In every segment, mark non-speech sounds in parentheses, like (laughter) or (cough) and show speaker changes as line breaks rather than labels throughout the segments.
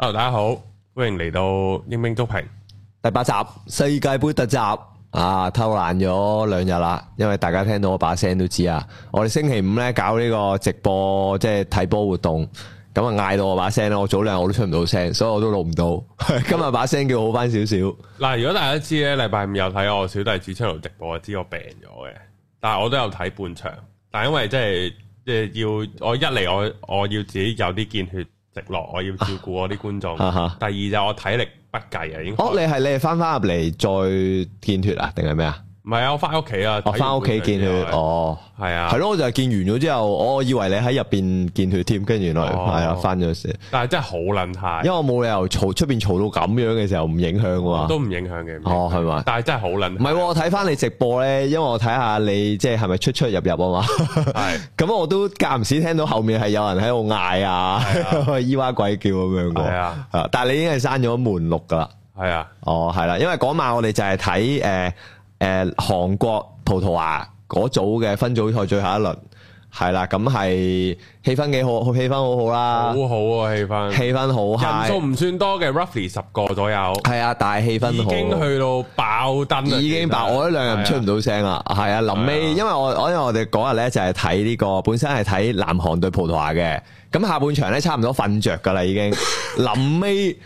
Hello 大家好，歡迎嚟到英兵足評
第八集世界杯特集啊！偷懶咗兩日啦，因為大家聽到我把聲都知啊。我哋星期五咧搞呢個直播，即係睇波活動，咁啊嗌到我把聲啦。我早兩日我都出唔到聲，所以我都錄唔到。今日把聲叫好翻少少。
嗱， (laughs) 如果大家知咧，禮拜五有睇我小弟主出爐直播，我知我病咗嘅。但係我都有睇半場，但係因為即係即係要我一嚟我我要自己有啲見血。直落我要照顧我啲觀眾，啊、第二就我體力不繼啊，已經。
哦，你係你係翻返入嚟再剪血啊，定係咩啊？
唔係啊，我翻屋企啊，我翻屋企見
佢哦，係啊，係咯，我就係見完咗之後，我以為你喺入邊見佢添，跟住原來係啊，翻咗事。
但係真係好撚態，因
為我冇理由嘈出邊嘈到咁樣嘅時候唔影響噶都唔
影響嘅。
哦，係咪？但係真係好撚態。唔係我睇翻你直播咧，因為我睇下你即係係咪出出入入啊嘛。係咁，我都間唔時聽到後面係有人喺度嗌啊，咿哇鬼叫咁樣個。係啊，但係你已經係閂咗門錄噶啦。係啊，哦，係啦，因為嗰晚我哋就係睇誒。誒，韓、uh, 國葡萄牙嗰組嘅分組賽最後一輪係啦，咁係氣氛幾好，氣氛好好啦，好好啊氣、啊、氛，氣氛好，人數
唔算多嘅 roughly 十個左右，係啊，大氣氛好已經去到爆燈，已經爆，經爆我一兩日出
唔到聲啊，係啊的，臨尾，因為我我因為我哋嗰日咧就係睇呢個，本身係睇南韓對葡萄牙嘅，咁下半場咧差唔多瞓着噶啦，已經，臨尾。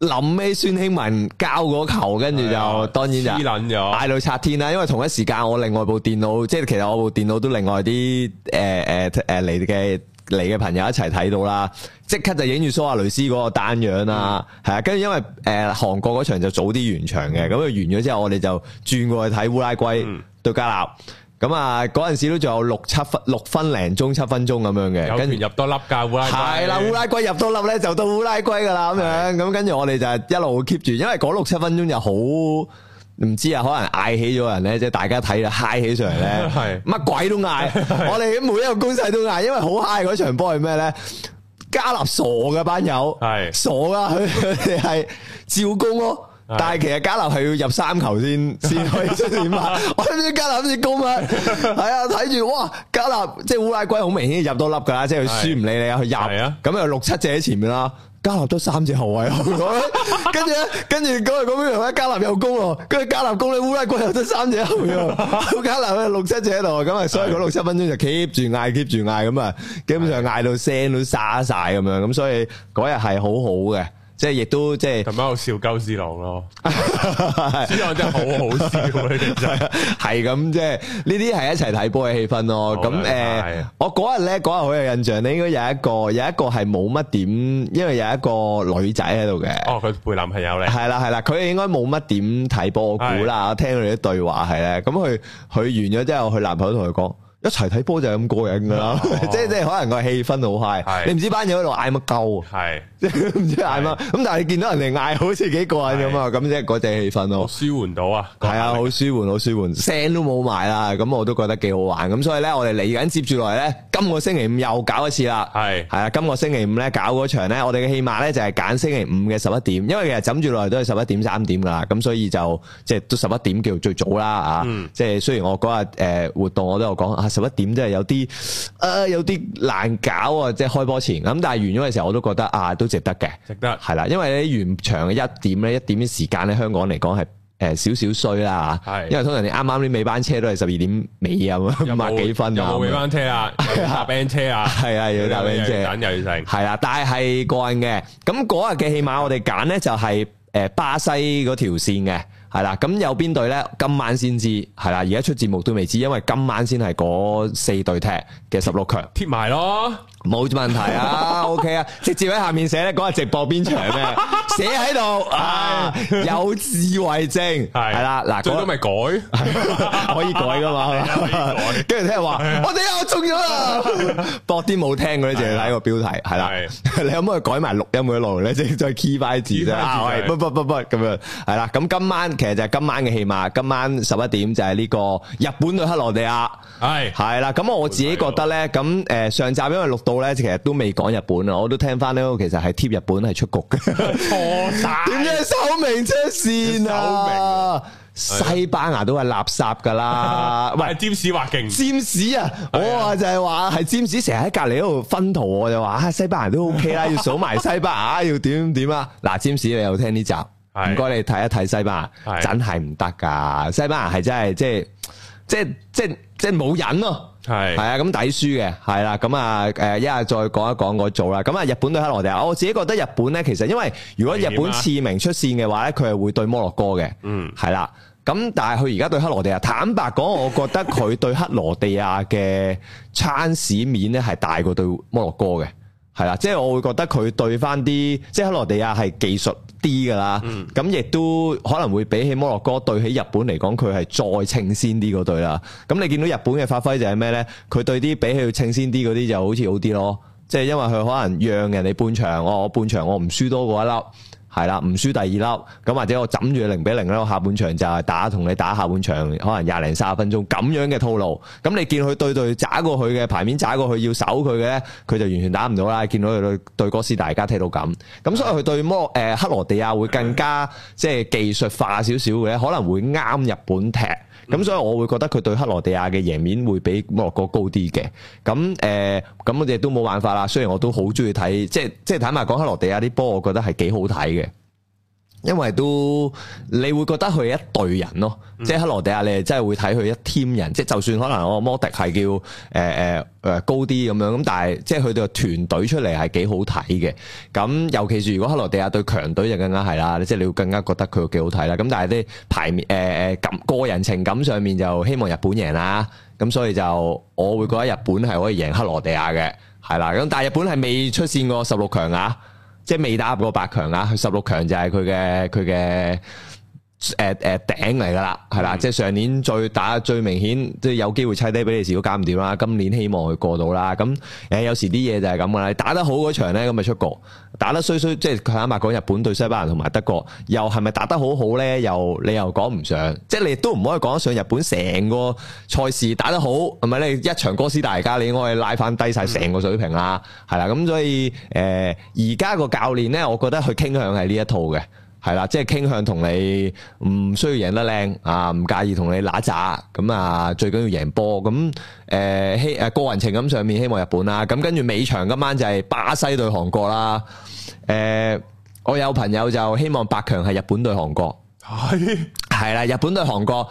諗咩？孫興文交嗰球，跟住就當然就嗌到拆天啦。了因為同一時間，我另外部電腦，即係其實我部電腦都另外啲誒誒誒嚟嘅嚟嘅朋友一齊睇到啦。即刻就影住蘇亞雷斯嗰個單樣啊，啊、嗯。跟住因為誒、呃、韓國嗰場就早啲完場嘅，咁佢、嗯、完咗之後，我哋就轉過去睇烏拉圭對、嗯、加納。咁啊，嗰陣時都仲有六七分六分零鐘七分鐘咁樣嘅，
跟住入多粒噶烏拉圭，係啦烏拉
圭入多粒咧就到烏拉圭噶啦咁樣，咁跟住我哋就一路 keep 住，因為嗰六七分鐘就好唔知啊，可能嗌起咗人咧，即係大家睇啦 high 起上嚟咧，乜鬼都嗌，我哋每一個攻勢都嗌，因為好 high，嗰場波係咩咧？加納傻嘅班友係傻啦，佢哋係照攻咯。但係其實加納係要入三球先先可以出線嘛？我知唔知加納好似攻啊？係啊，睇住哇！加納即係烏拉圭好明顯入多粒噶啦，即係佢輸唔理你啊，佢入咁啊六七隻喺前面啦，加納都三隻後衛啊！跟住咧，跟住嗰日嗰邊同埋加納又攻，跟住加納攻，你烏拉圭又得三隻後衛，加納六七隻喺度，咁啊所以嗰六七分鐘就 keep 住嗌，keep 住嗌咁啊，基本上嗌到聲都沙晒咁樣，咁所以嗰日係好好嘅。即係亦都即係琴晚笑鳩屎狼咯，之後真係好好笑，你哋真係係咁即係呢啲係一齊睇波嘅氣氛咯。咁誒，我嗰日咧，嗰日好有印象，你應該有一個有一個係冇乜點，因為有一個女仔喺度嘅。
哦，佢陪男朋友
嚟，係啦係啦，佢應該冇乜點睇波，我估啦。我聽佢啲對話係咧，咁佢佢完咗之後，佢男朋友同佢講。一齊睇波就係咁過癮噶啦，即係即係可能個氣氛好嗨，你唔知班友喺度嗌乜鳩，係即係唔知嗌乜，咁但係你見到人哋嗌好似幾過癮噶嘛，咁即係嗰隻氣氛咯，舒緩到啊，係啊，好舒緩，好舒緩，聲都冇埋啦，咁我都覺得幾好玩，咁所以咧，我哋嚟緊接住落嚟咧，今個星期五又搞一次啦，係係啊，今個星期五咧搞嗰場咧，我哋嘅戲碼咧就係揀星期五嘅十一點，因為其實枕住落嚟都係十一點三點噶啦，咁所以就即係都十一點叫最早啦啊，即係雖然我嗰日誒活動我都有講啊。十一點真係有啲啊、呃，有啲難搞啊！即係開波前咁，但係完咗嘅時候，我都覺得啊，都值得嘅，值得係啦。因為喺完場一點咧，一點啲時間咧，香港嚟講係誒少少衰啦嚇。係的因為通常你啱啱啲尾班車都係十二點尾啊，咁啊幾分啊，冇尾班
車啊，搭的啊，係啊的，要搭班車，要
又要剩啦。但係過癮嘅咁嗰日嘅起碼，我哋揀咧就係誒巴西嗰條線嘅。係啦，咁有邊隊呢？今晚先知，係啦，而家出節目都未知，因為今晚先係嗰四隊踢嘅十六強踢埋咯。冇問題啊，OK 啊，直接喺下面寫咧，講下直播邊場係咩？寫喺度，有自為證，係係啦，嗱，最多咪改，可以改噶嘛？跟住聽人話，我哋啊中咗啦！博啲冇聽嗰啲就睇個標題係啦，你可唔可以改埋錄音嗰度咧？即係再 key 翻字啫，唔係，唔唔唔唔咁樣係啦。咁今晚其實就係今晚嘅戲碼，今晚十一點就係呢個日本對克羅地亞，係係啦。咁我自己覺得咧，咁誒上集因為錄。其實都未講日本，日本 (laughs) 啊，我都聽翻咧，其實係貼日本係出局嘅，
錯
點知收明出線啊？西班牙都係垃圾噶啦，
喂， (laughs) 占士話勁，占
士啊，我啊就係話係占士成日喺隔籬嗰度分圖，我就話啊，西班牙都 OK 啦，要數埋西班牙，要點點啊？嗱、就是，占士你又聽呢集，唔該你睇一睇西班牙，真係唔得噶，西班牙係真係即係即係即係即係冇人啊！係，係啊，咁抵輸嘅，係啦，咁啊，誒，一係再講一講嗰組啦，咁啊，日本對克羅地亞，我自己覺得日本咧，其實因為如果日本次名出線嘅話咧，佢係會對摩洛哥嘅，嗯、啊，係啦，咁但係佢而家對克羅地亞，坦白講，我覺得佢對克羅地亞嘅 chance 面咧係大過對摩洛哥嘅，係啦，即係我會覺得佢對翻啲，即係克羅地亞係技術。啲㗎啦，咁亦都可能會比起摩洛哥對起日本嚟講，佢係再稱先啲嗰對啦。咁你見到日本嘅發揮就係咩呢？佢對啲比起佢稱先啲嗰啲就好似好啲咯，即係因為佢可能讓人哋半場、哦，我半場我唔輸多過一粒。係啦，唔輸第二粒，咁或者我枕住零比零咧，我下半場就係打同你打下半場，可能廿零卅分鐘咁樣嘅套路。咁你見佢對對打過去嘅牌面打過去要守佢嘅咧，佢就完全打唔到啦。見到佢對哥斯大，而家踢到咁，咁所以佢對摩誒、呃、克羅地亞會更加即係技術化少少嘅可能會啱日本踢。咁所以我會覺得佢對克羅地亞嘅贏面會比摩洛哥高啲嘅。咁誒，咁我哋都冇辦法啦。雖然我都好中意睇，即係即係坦白講克羅地亞啲波，我覺得係幾好睇嘅。因為都你會覺得佢一隊人咯，嗯、即係克羅地亞，你真係會睇佢一 team 人，嗯、即係就算可能我個摩迪係叫誒誒誒高啲咁樣，咁但係即係佢哋個團隊出嚟係幾好睇嘅。咁尤其是如果克羅地亞對強隊就更加係啦，即係你會更加覺得佢嘅幾好睇啦。咁但係啲排面誒誒咁個人情感上面就希望日本贏啦。咁所以就我會覺得日本係可以贏克羅地亞嘅，係啦。咁但係日本係未出線過十六強啊。即係未打入過八強啊，十六強就係佢嘅佢嘅。誒誒頂嚟噶啦，係啦、呃，呃嗯、即係上年最打最明顯，即係有機會砌低比利時都搞唔掂啦，今年希望佢過到啦。咁誒，有時啲嘢就係咁噶啦，打得好嗰場咧，咁咪出局；打得衰衰，即係佢啱啱講日本對西班牙同埋德國，又係咪打得好好咧？又你又講唔上，即係你亦都唔可以講得上日本成個賽事打得好，係咪？你一場哥斯達黎加，你可以拉翻低晒成個水平啦，係啦、嗯。咁、嗯、所以誒，而家個教練咧，我覺得佢傾向係呢一套嘅。係啦，即係傾向同你唔、嗯、需要贏得靚啊，唔介意同你揦渣咁啊，最緊要贏波咁。誒希誒個人情感上面希望日本啦，咁、啊、跟住尾場今晚就係巴西對韓國啦。誒、啊，我有朋友就希望八強係日本對韓國，係係啦，日本對韓國。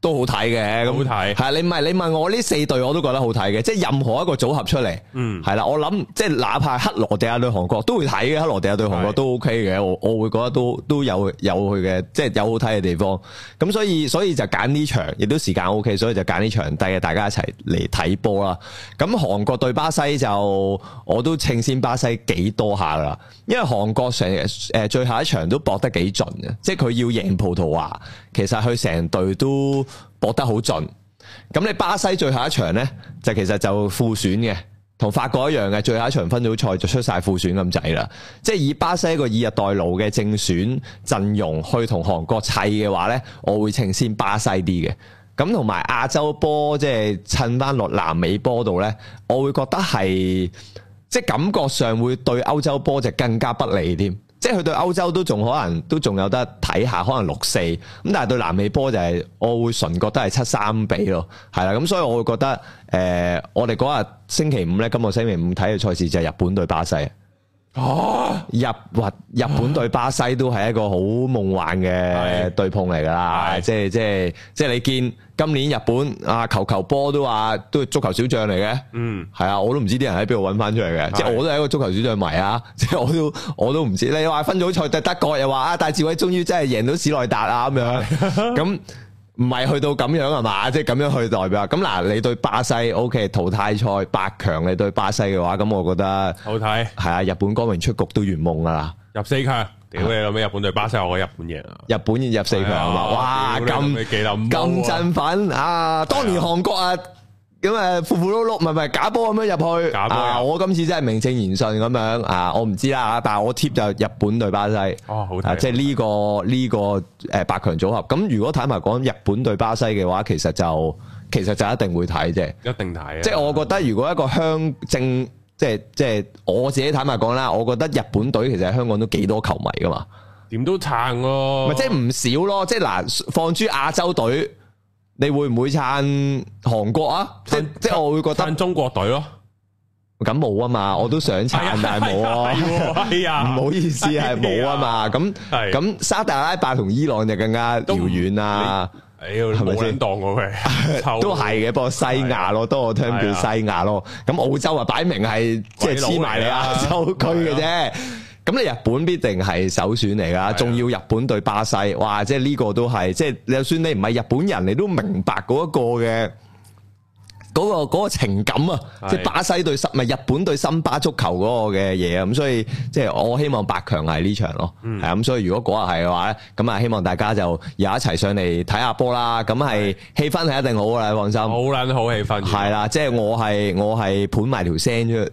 都好睇嘅，咁好睇係你唔你問我呢四隊我都覺得好睇嘅，即係任何一個組合出嚟，嗯，係啦，我諗即係哪怕克羅地亞對韓國都會睇嘅，克羅地亞對韓國都 OK 嘅，我我會覺得都都有有佢嘅，即係有好睇嘅地方。咁所以所以就揀呢場，亦都時間 OK，所以就揀呢場，大家一齊嚟睇波啦。咁韓國對巴西就我都稱先巴西幾多下噶啦，因為韓國成日、呃、最後一場都搏得幾盡嘅，即係佢要贏葡萄牙，其實佢成隊都。搏得好盡，咁你巴西最後一場呢，就其實就副選嘅，同法國一樣嘅最後一場分組賽就出晒副選咁滯啦。即係以巴西一個以逸待勞嘅正選陣容去同韓國砌嘅話呢，我會傾先巴西啲嘅。咁同埋亞洲波即係趁翻落南美波度呢，我會覺得係即係感覺上會對歐洲波就更加不利添。即係佢對歐洲都仲可能都仲有得睇下，可能六四咁，但係對南美波就係、是、我會純覺得係七三比咯，係啦，咁所以我會覺得誒、呃，我哋嗰日星期五咧，今個星期五睇嘅賽事就係日本對巴西。哦！日日日本對巴西都係一個好夢幻嘅對碰嚟噶啦，即係即係即係你見今年日本啊球球波都話都係足球小將嚟嘅，嗯，係啊，我都唔知啲人喺邊度搵翻出嚟嘅，的即係我都係一個足球小將迷啊，即係我都我都唔知。你話分組賽，就德國又話啊，戴志偉終於真係贏到史奈達啊咁樣咁。 (laughs) 唔係去到咁樣係嘛？即係咁樣去代表。咁嗱，你對巴西 O K 淘汰賽八強，你對巴西嘅話，咁我覺得好睇。係啊，日本光榮出局都圓夢㗎啦。
入四強，屌你老味！日本對巴西我日本贏啊！日
本入四強啊
嘛！哇，咁咁振奮啊！
當年韓國啊！咁、嗯、啊，糊糊碌碌，唔係唔係假波咁樣入去。假波啊，我今次真係名正言順咁樣啊！我唔知啦，但係我貼就日本對巴西。哦，好睇，即係呢個呢、嗯這個誒八強組合。咁如果坦白講，日本對巴西嘅話，其實就其實就一定會睇啫。一定睇、啊。即係我覺得，如果一個香正，即係即係我自己坦白講啦，我覺得日本隊其實喺香港都幾多球迷噶嘛。
點都撐咯、啊，
咪即係唔少咯，即係嗱，放諸亞洲隊。你會唔會撐韓國啊？即即那我會覺得撐中國隊咯。咁冇啊嘛，我都想撐、哎、呀 但係冇啊。唔好意思係冇啊嘛。咁咁沙特阿拉伯同伊朗就更加遙遠啦。哎呀，係咪先？當佢都係嘅，不過西亞咯，都我聽叫西亞咯。咁澳洲啊，擺明係即係黐埋你亞洲區嘅啫。咁你日本必定係首選嚟㗎，仲是的 要日本對巴西，哇！即係呢個都係，即係你就算你唔係日本人，你都明白嗰一個嘅。嗰、嗰個嗰個情感啊，是的 即係巴西對森咪日本對森巴足球嗰個嘅嘢啊，咁所以即係我希望八強係呢場咯，係咁、嗯、所以如果嗰日係嘅話咧，咁啊希望大家就有一齊上嚟睇下波啦，咁係是的 氣氛係一定好嘅，放心，好撚好氣氛，係啦，即係我係我係盤埋條聲出，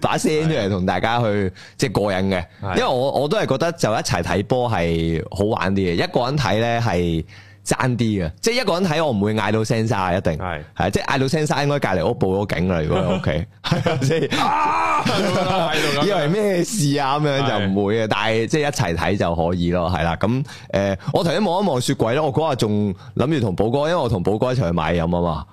把聲出嚟同 (laughs) 大家去是的 即係過癮嘅，是的 因為我我都係覺得就一齊睇波係好玩啲嘅，一個人睇咧係。爭啲嘅，即係一個人睇我唔會嗌到聲沙，一定係係是，即係嗌到聲沙，應該隔籬屋報咗警啦。 (laughs) 如果喺屋企，
係啊，
即係以為咩事啊？咁樣 (laughs) 就唔會嘅，是但係即係一齊睇就可以咯。係啦，咁誒、呃，我頭先望一望雪櫃咯。我嗰日仲諗住同寶哥，因為我同寶哥一齊去買飲啊嘛。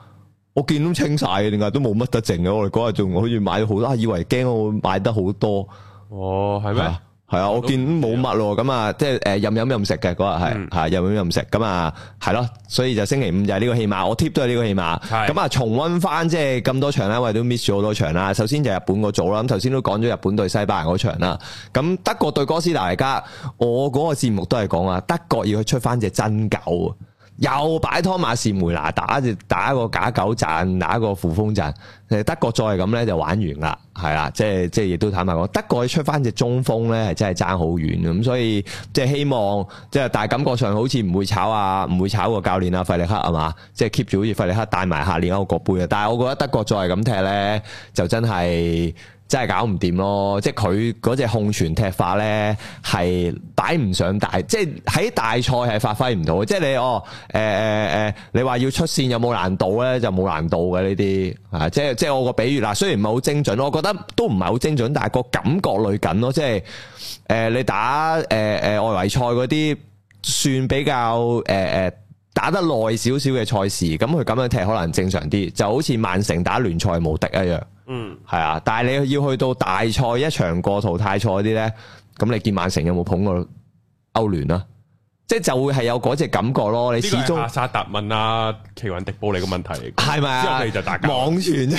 我見都清晒，點解都冇乜得剩嘅？我哋嗰日仲好似買咗好多，以為驚我會買得好多，哦，係咪？ (laughs) 係啊，嗯、我見冇乜咯，咁啊、嗯，即係誒，任飲任食嘅嗰日係，係任飲任食，咁啊，係咯，所以就星期五就係呢個戲碼，我 tip 都係呢個戲碼，咁啊的，重溫翻即係咁多場啦，我哋都 miss 咗好多場啦，首先就日本個組啦，咁頭先都講咗日本對西班牙個場啦，咁德國對哥斯達黎加，我嗰個節目都係講啊，德國要去出翻隻真狗。又擺托馬士梅拿打，只打一個假九陣，打一個副鋒陣，誒德國再係咁呢，就玩完啦，係啦，即係即係亦都坦白講，德國出翻隻中鋒呢，係真係爭好遠嘅，咁所以即係希望即係大感覺上好似唔會炒啊，唔會炒個教練啊費力克係嘛，即係 keep 住好似費力克帶埋下年歐國杯啊，但係我覺得德國再係咁踢呢，就真係。真係搞唔掂咯！即係佢嗰隻控傳踢法咧，係擺唔上大，即係喺大賽係發揮唔到。即係你哦，誒誒誒，你話要出線有冇難度咧？就冇難度嘅呢啲嚇。即係即係我個比喻嗱，雖然唔係好精準，我覺得都唔係好精準，但係個感覺類緊咯。即係誒、呃、你打誒誒、呃呃、外圍賽嗰啲，算比較誒誒、呃、打得耐少少嘅賽事，咁佢咁樣踢可能正常啲，就好似曼城打聯賽無敵一樣。嗯，係啊，但係你要去到大賽一場過淘汰賽啲咧，咁你見曼城有冇捧過歐聯啦？即係就會係有嗰隻感覺咯。你始終阿
薩達問阿奇雲迪
布尼個問題，係咪啊？之後你就大家網傳就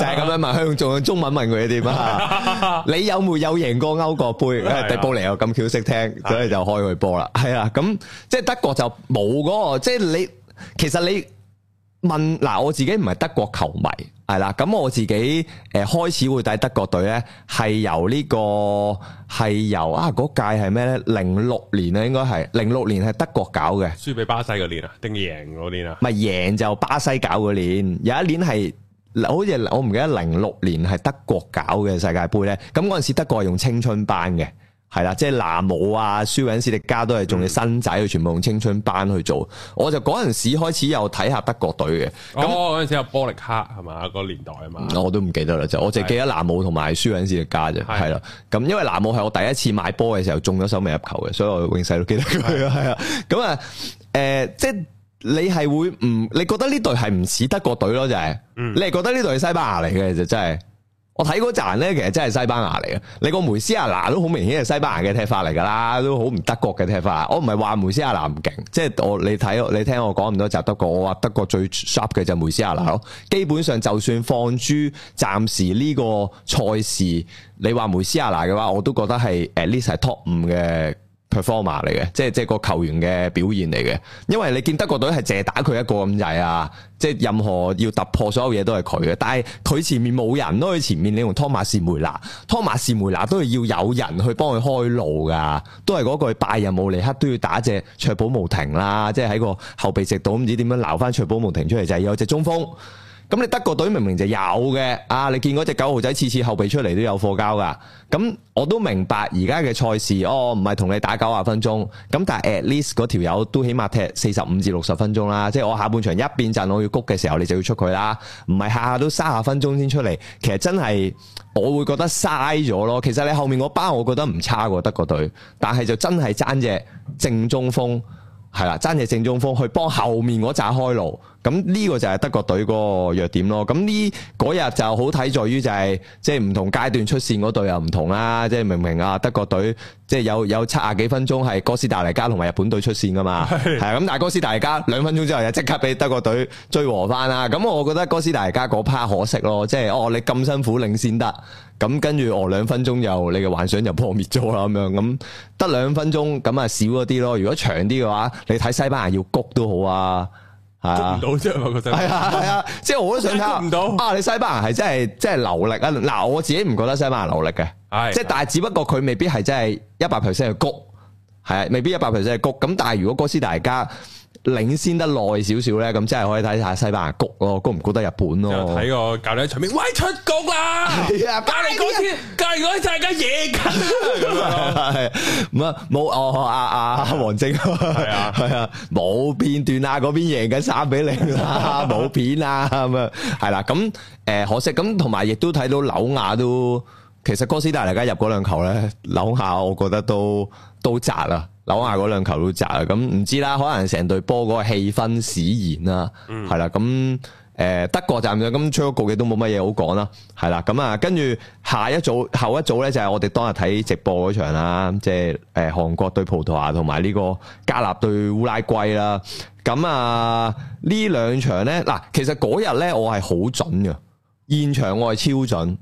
係咁樣問，仲用中文問佢一啲你有冇有贏過歐國杯？ (laughs) 迪布尼又咁巧識聽， (laughs) 所以就開佢波啦。係啊，咁即係德國就冇噶，即係你，即你其實你。問嗱，我自己唔係德國球迷，係啦，咁我自己誒、呃、開始會睇德國隊咧，係由呢、這個係由啊嗰屆係咩咧？零六年，年，年，年啊，應該係零六年係德國搞嘅，
輸俾巴西嗰年啊，定贏嗰年啊？唔係贏
就巴西搞嗰年，有一年係好似我唔記得零六年係德國搞嘅世界盃咧，咁嗰陣時德國係用青春班嘅。係啦，即係南武啊、舒溫斯力加都係仲咗新仔，佢、嗯、全部用青春班去做。我就嗰陣時開始有睇下德國隊嘅。
咁我嗰陣時有波力卡係嘛，個年代啊嘛。
我都唔記得啦，就我淨係記得南武同埋舒溫斯力加啫。係啦的，咁的因為南武係我第一次買波嘅時候中咗手尾入球嘅，所以我永世都記得佢。係啊，咁啊，誒，即係你係會唔？你覺得呢隊係唔似德國隊咯？就係、是，嗯、你係覺得呢隊係西班牙嚟嘅就真、是、係。就是我睇嗰集咧，其實真係西班牙嚟嘅。你個梅斯亞拿都好明顯係西班牙嘅踢法嚟㗎啦，都好唔德國嘅踢法。我唔係話梅斯亞拿唔勁，即係我你睇，你聽我講唔多集德國。我話德國最 sharp 嘅就梅斯亞拿咯。基本上就算放諸暫時呢個賽事，你話梅斯亞拿嘅話，我都覺得係 at least 係 top 五嘅。perform 嚟嘅，即係即係個球員嘅表現嚟嘅。因為你見德國隊係淨係打佢一個咁滯啊，即係任何要突破所有嘢都係佢嘅。但係佢前面冇人都佢前面用，你同湯馬士梅拿、湯馬士梅拿都係要有人去幫佢開路㗎，都係嗰句，拜仁慕尼克都要打隻卓寶慕廷啦，即係喺個後備席度唔知點樣撈翻卓寶慕廷出嚟就係、是、有隻中鋒。咁你德國隊明明就有嘅，啊，你見嗰隻九號仔次次後備出嚟都有貨交噶。咁、嗯、我都明白而家嘅賽事，我唔係同你打九十分鐘。咁但係 at least 嗰條友都起碼踢四十五至六十分鐘啦，即係我下半場一變陣我要谷嘅時候，你就要出佢啦。唔係下下都三十分鐘先出嚟，其實真係我會覺得嘥咗咯。其實你後面嗰班我覺得唔差過德國隊，但係就真係爭隻正中鋒，係啦，爭隻正中鋒去幫後面嗰紮開路。咁呢個就係德國隊嗰個弱點咯。咁呢嗰日就好睇在於就係、是、即係唔同階段出線嗰隊又唔同啦、啊。即係明明啊，德國隊即係有有七啊幾分鐘係哥斯達黎加同埋日本隊出線噶嘛？係咁， (laughs) 但係哥斯達黎加兩分鐘之後又即刻俾德國隊追和翻啦。咁我覺得哥斯達黎加嗰 part 可惜咯，即係哦你咁辛苦領先得，咁跟住哦兩分鐘又你嘅幻想又破滅樣、嗯、兩分鐘就破滅咗啦。咁樣咁得兩分鐘咁啊少咗啲咯。如果長啲嘅話，你睇西班牙要谷都好啊。
係 (laughs) 啊，係
啊，啊，即係我都想睇唔到啊，你西班牙係真係真係流力啊！嗱，我自己唔覺得西班牙流力嘅，係的，即係但係只不過佢未必係真係一百 percent 嘅谷，係啊，未必一百 percent 嘅谷。咁但係如果哥斯達加，領先得耐少少咧，咁即係可以睇下西班牙谷咯，估唔估得日本咯？睇
個教你場面，喂出局啦！隔離嗰啲，隔離嗰啲就係大家贏㗎。
係，乜冇哦？阿阿王晶係啊係啊，冇、啊啊啊 (laughs) 啊、片段, 0, (laughs) 片段 (laughs) 啊，嗰邊贏緊三比零啦，冇片啊咁啊，係啦。咁誒可惜咁，同埋亦都睇到紐亞都。其實哥斯達黎加入嗰兩球咧，扭下我覺得都都窄啦，扭下嗰兩球都窄啦。咁唔知啦，可能成隊波嗰個氣氛使然啦，係、嗯、啦。咁誒、呃，德國站咁吹咗局嘅都冇乜嘢好講啦，係啦。咁啊，跟住下一組後一組咧就係我哋當日睇直播嗰場啦，即係誒韓國對葡萄牙同埋呢個加納對烏拉圭啦。咁啊兩呢兩場咧，嗱、啊，其實嗰日咧我係好準嘅，現場我係超準。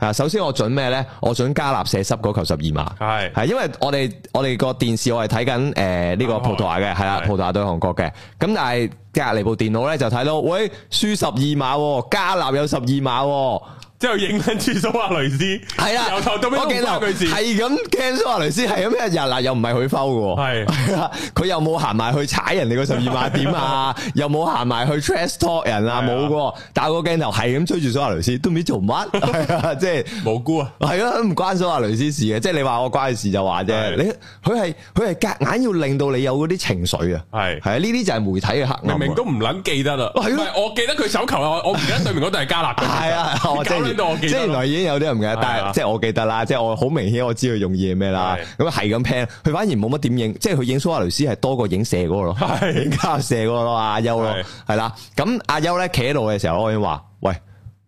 啊，首先我準咩咧？我準加納射失嗰球十二碼，係係。的因為我哋我哋個電視我係睇緊誒呢個葡萄牙嘅，係啦。行葡萄牙對韓國嘅，咁但係隔離部電腦咧就睇到，喂，輸十二碼，加納有十二碼。之後影緊蘇亞雷斯，係啊，由頭到尾望佢字，係咁。蘇亞雷斯係咁一日，嗱又唔係佢 foul 嘅，係係啊，佢又冇行埋去踩人哋個十二碼點啊，又冇行埋去 trash talk 人啊，冇嘅。但個鏡頭係咁追住蘇亞雷斯，都唔知做乜，啊，即係無辜啊，係啊，佢唔關蘇亞雷斯事嘅，即係你話我關事就話啫。你佢係佢係夾硬要令到你有嗰啲情緒啊，係係啊，呢啲就係媒體嘅黑暗，明明
都唔捻記得啦，唔係我記得佢手球啊，我唔記得對面嗰對係加拿大。係啊，我正。即係原來
已經有啲人嘅，但係即係我記得啦，即係我好明顯我知佢用意係咩啦。咁係咁 plan 佢反而冇乜點影，即係佢影蘇亞雷斯係多過影射嗰個咯，加納射嗰個咯，阿優咯，係啦。咁阿優咧企喺度嘅時候，我已經話，喂，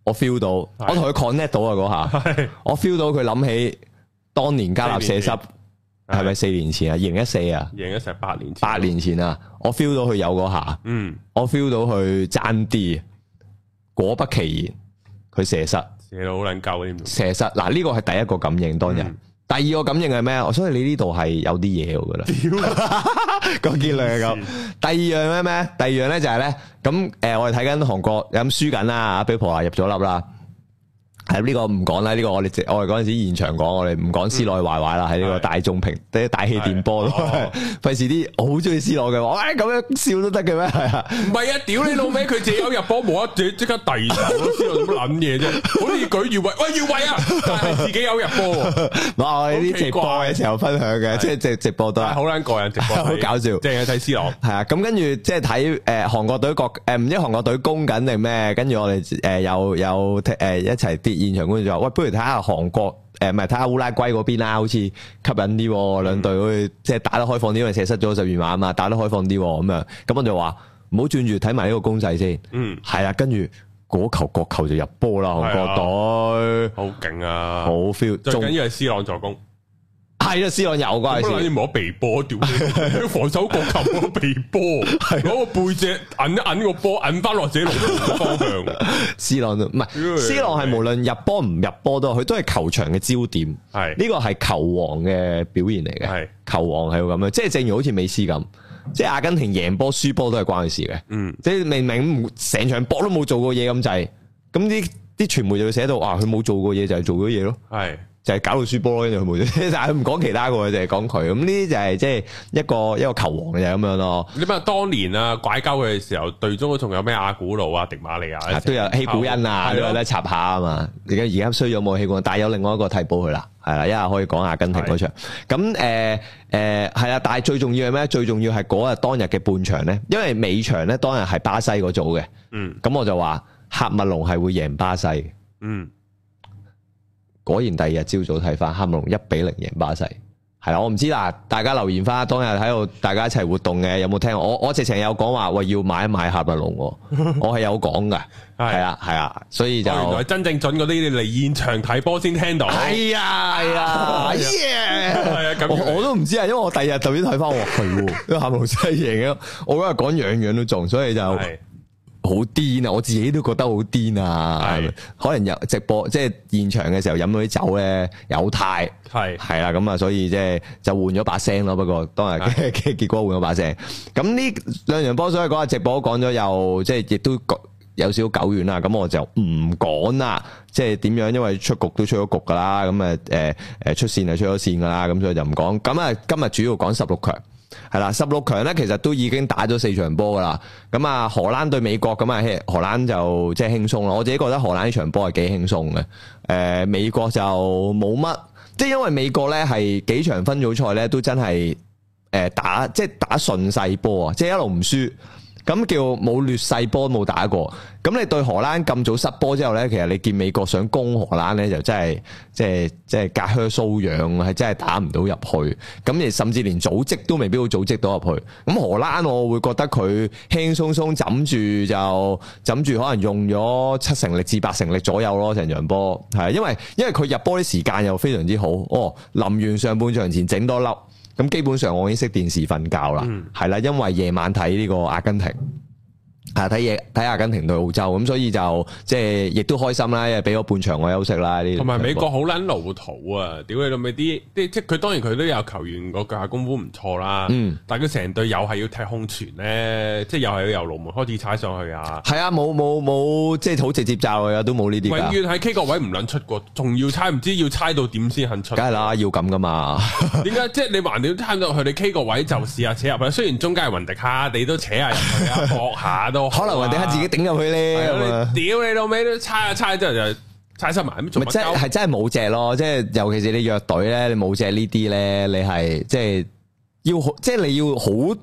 我 feel 到，我同佢 connect 到啊嗰下，我 feel 到佢諗起當年加納射失，係咪四年前啊？二零一四啊，
二零一四係八年
前，八年前啊，我 feel 到佢有嗰下，嗯，我 feel 到佢爭啲，果不其然。佢射實，
射到好難救添。
射實，嗱呢個係第一個感應當日，第二個感應係咩啊？我所以你呢度係有啲嘢我覺得。個結論係咁，第二樣咩咩？第二樣咧就係咧，咁誒，我哋睇緊韓國有咁輸緊啦，阿比伯入咗粒啦。係呢個唔講啦，呢個我哋我哋嗰陣時現場講，我哋唔講 C 朗壞話啦，喺呢個大眾評啲大氣電波囉，費事啲。我好中意 C 朗嘅話，我哎咁樣笑都得嘅咩？係啊，
唔係啊，屌你老味，佢自己有入波冇一折，即刻突然間都知我做乜卵嘢啫？好似舉耀偉，喂耀偉啊，自己有入波，
嗱，我哋啲直播嘅時候分享嘅，即係直直播都係好撚個
人直播，好搞笑，淨係睇 C 朗
係啊。咁跟住即係睇誒韓國隊國誒唔知韓國隊攻緊定咩？跟住我哋誒有有誒一齊啲。現場觀眾就話：喂，不如睇下韓國，誒唔係睇下烏拉圭嗰邊啦，好似吸引啲兩隊好似，即係打得開放啲，因為射失咗十二碼啊嘛，打得開放啲咁、嗯、啊，咁我就話唔好轉住睇埋呢個攻勢先。嗯，係啊，跟住嗰球國球就入波啦，韓國
隊好勁啊，啊好 feel，中最緊要係 C 朗助攻。係啊，C 朗有噶，你冇鼻波掉，防守角球都鼻波，攞個 (laughs) 是的 背脊擰一擰個波，擰翻落自己方向。
C 朗唔係，C 朗係無論入波唔入波都，佢都係球場嘅焦點。係呢是個係球王嘅表現嚟嘅，係是球王係要咁樣，即係正如好似美斯咁，即係阿根廷贏波輸波都係關事嘅。嗯，即係明明成場波都冇做過嘢咁滯，咁啲啲傳媒就會寫到啊，佢冇做過嘢就係、是、做咗嘢咯。係。就係搞到輸波咯，跟住佢冇，但係佢唔講其他嘅，佢講佢就係講佢。咁呢啲就係即係一個一個球王嘅咁樣咯。
你問當年啊拐交佢嘅時候，隊中佢仲有咩阿古魯啊、迪馬利亞，都有希古恩啊，都、哦、有咧插下啊嘛。而家
而家衰咗冇希古，但係有另外一個替補佢啦，係啦，一係可以講阿根廷嗰場。咁誒誒係啦，但係最重要係咩？最重要係嗰日當日嘅半場咧，因為尾場咧當日係巴西嗰組嘅。嗯，咁我就話喀麥隆係會贏巴西。嗯。果然第二日朝早睇翻，喀麥隆一比零贏巴西，係啦，我唔知啦，大家留言翻當日喺度大家一齊活動嘅有冇聽我？我直情有講話喂，要買一買喀麥隆， (laughs) 我
係有講噶，係啊係啊，所以就原來真正準嗰啲你嚟現場睇波先聽到，係啊
係啊，係啊咁，我我都唔知啊，因為我第二日突然睇翻我去喎，喀麥隆真係贏啊，我嗰日講樣樣都中，所以就是的 (laughs) 好癲啊！我自己都覺得好癲啊！係，是的 可能又直播即係現場嘅時候飲咗啲酒咧，有太係係啦，咁啊是的，所以即係就換咗把聲咯。不過當日嘅結果換咗把聲。咁呢兩場波，所以講下直播講咗又即係，亦都有少少久遠啦。咁我就唔講啦，即係點樣？因為出局都出咗局噶啦，咁啊誒誒出綫，出線就出咗綫噶啦，咁所以就唔講。咁啊，今日主要講十六強。係啦，十六強咧，強其實都已經打咗四場波噶啦。咁啊，荷蘭對美國，咁啊，荷蘭就即係輕鬆咯。我自己覺得荷蘭呢場波係幾輕鬆嘅。誒、呃，美國就冇乜，即係因為美國咧係幾場分組賽咧都真係誒打，即係打順勢波啊，即係一路唔輸。咁叫冇劣勢波冇打過，咁你對荷蘭咁早失波之後呢，其實你見美國想攻荷蘭呢，就真係即係即係隔靴搔癢，係真係打唔到入去。咁你，甚至連組織都未必會組織到入去。咁荷蘭我會覺得佢輕鬆鬆枕住就枕住，可能用咗七成力至八成力左右咯，成場波係，因為因為佢入波啲時間又非常之好。哦，臨完上半場前整多粒。咁基本上我已經熄電視瞓覺啦，係啦、嗯，因為夜晚睇呢個阿根廷。睇嘢睇阿根廷對澳洲咁，所以就即係亦都開心啦，又俾個半場我休息啦。呢同埋美國好
撚老土啊！屌你咁？啲啲即係佢當然佢都有球員個腳下功夫唔錯啦，但係佢成隊又係要踢空傳咧，即係又係由龍門開始踩上去啊！係啊，
冇冇冇，即係好直接炸落啊！都冇呢啲。永遠喺
K 個位唔撚出國，仲要猜唔知要猜到點先肯出國。梗係啦，要咁噶嘛？點解？即係你橫掂攤到去你 K 個位就試下扯入去，雖然中間係雲迪卡，你都扯下入去啊，搏下都。可能人哋下自己頂入去咧，啊，屌樣你到尾都猜啊猜，真係猜失埋咪真係真係冇只
咯。即係尤其是你弱隊咧，你冇只呢啲咧，你係即係要即係你要好，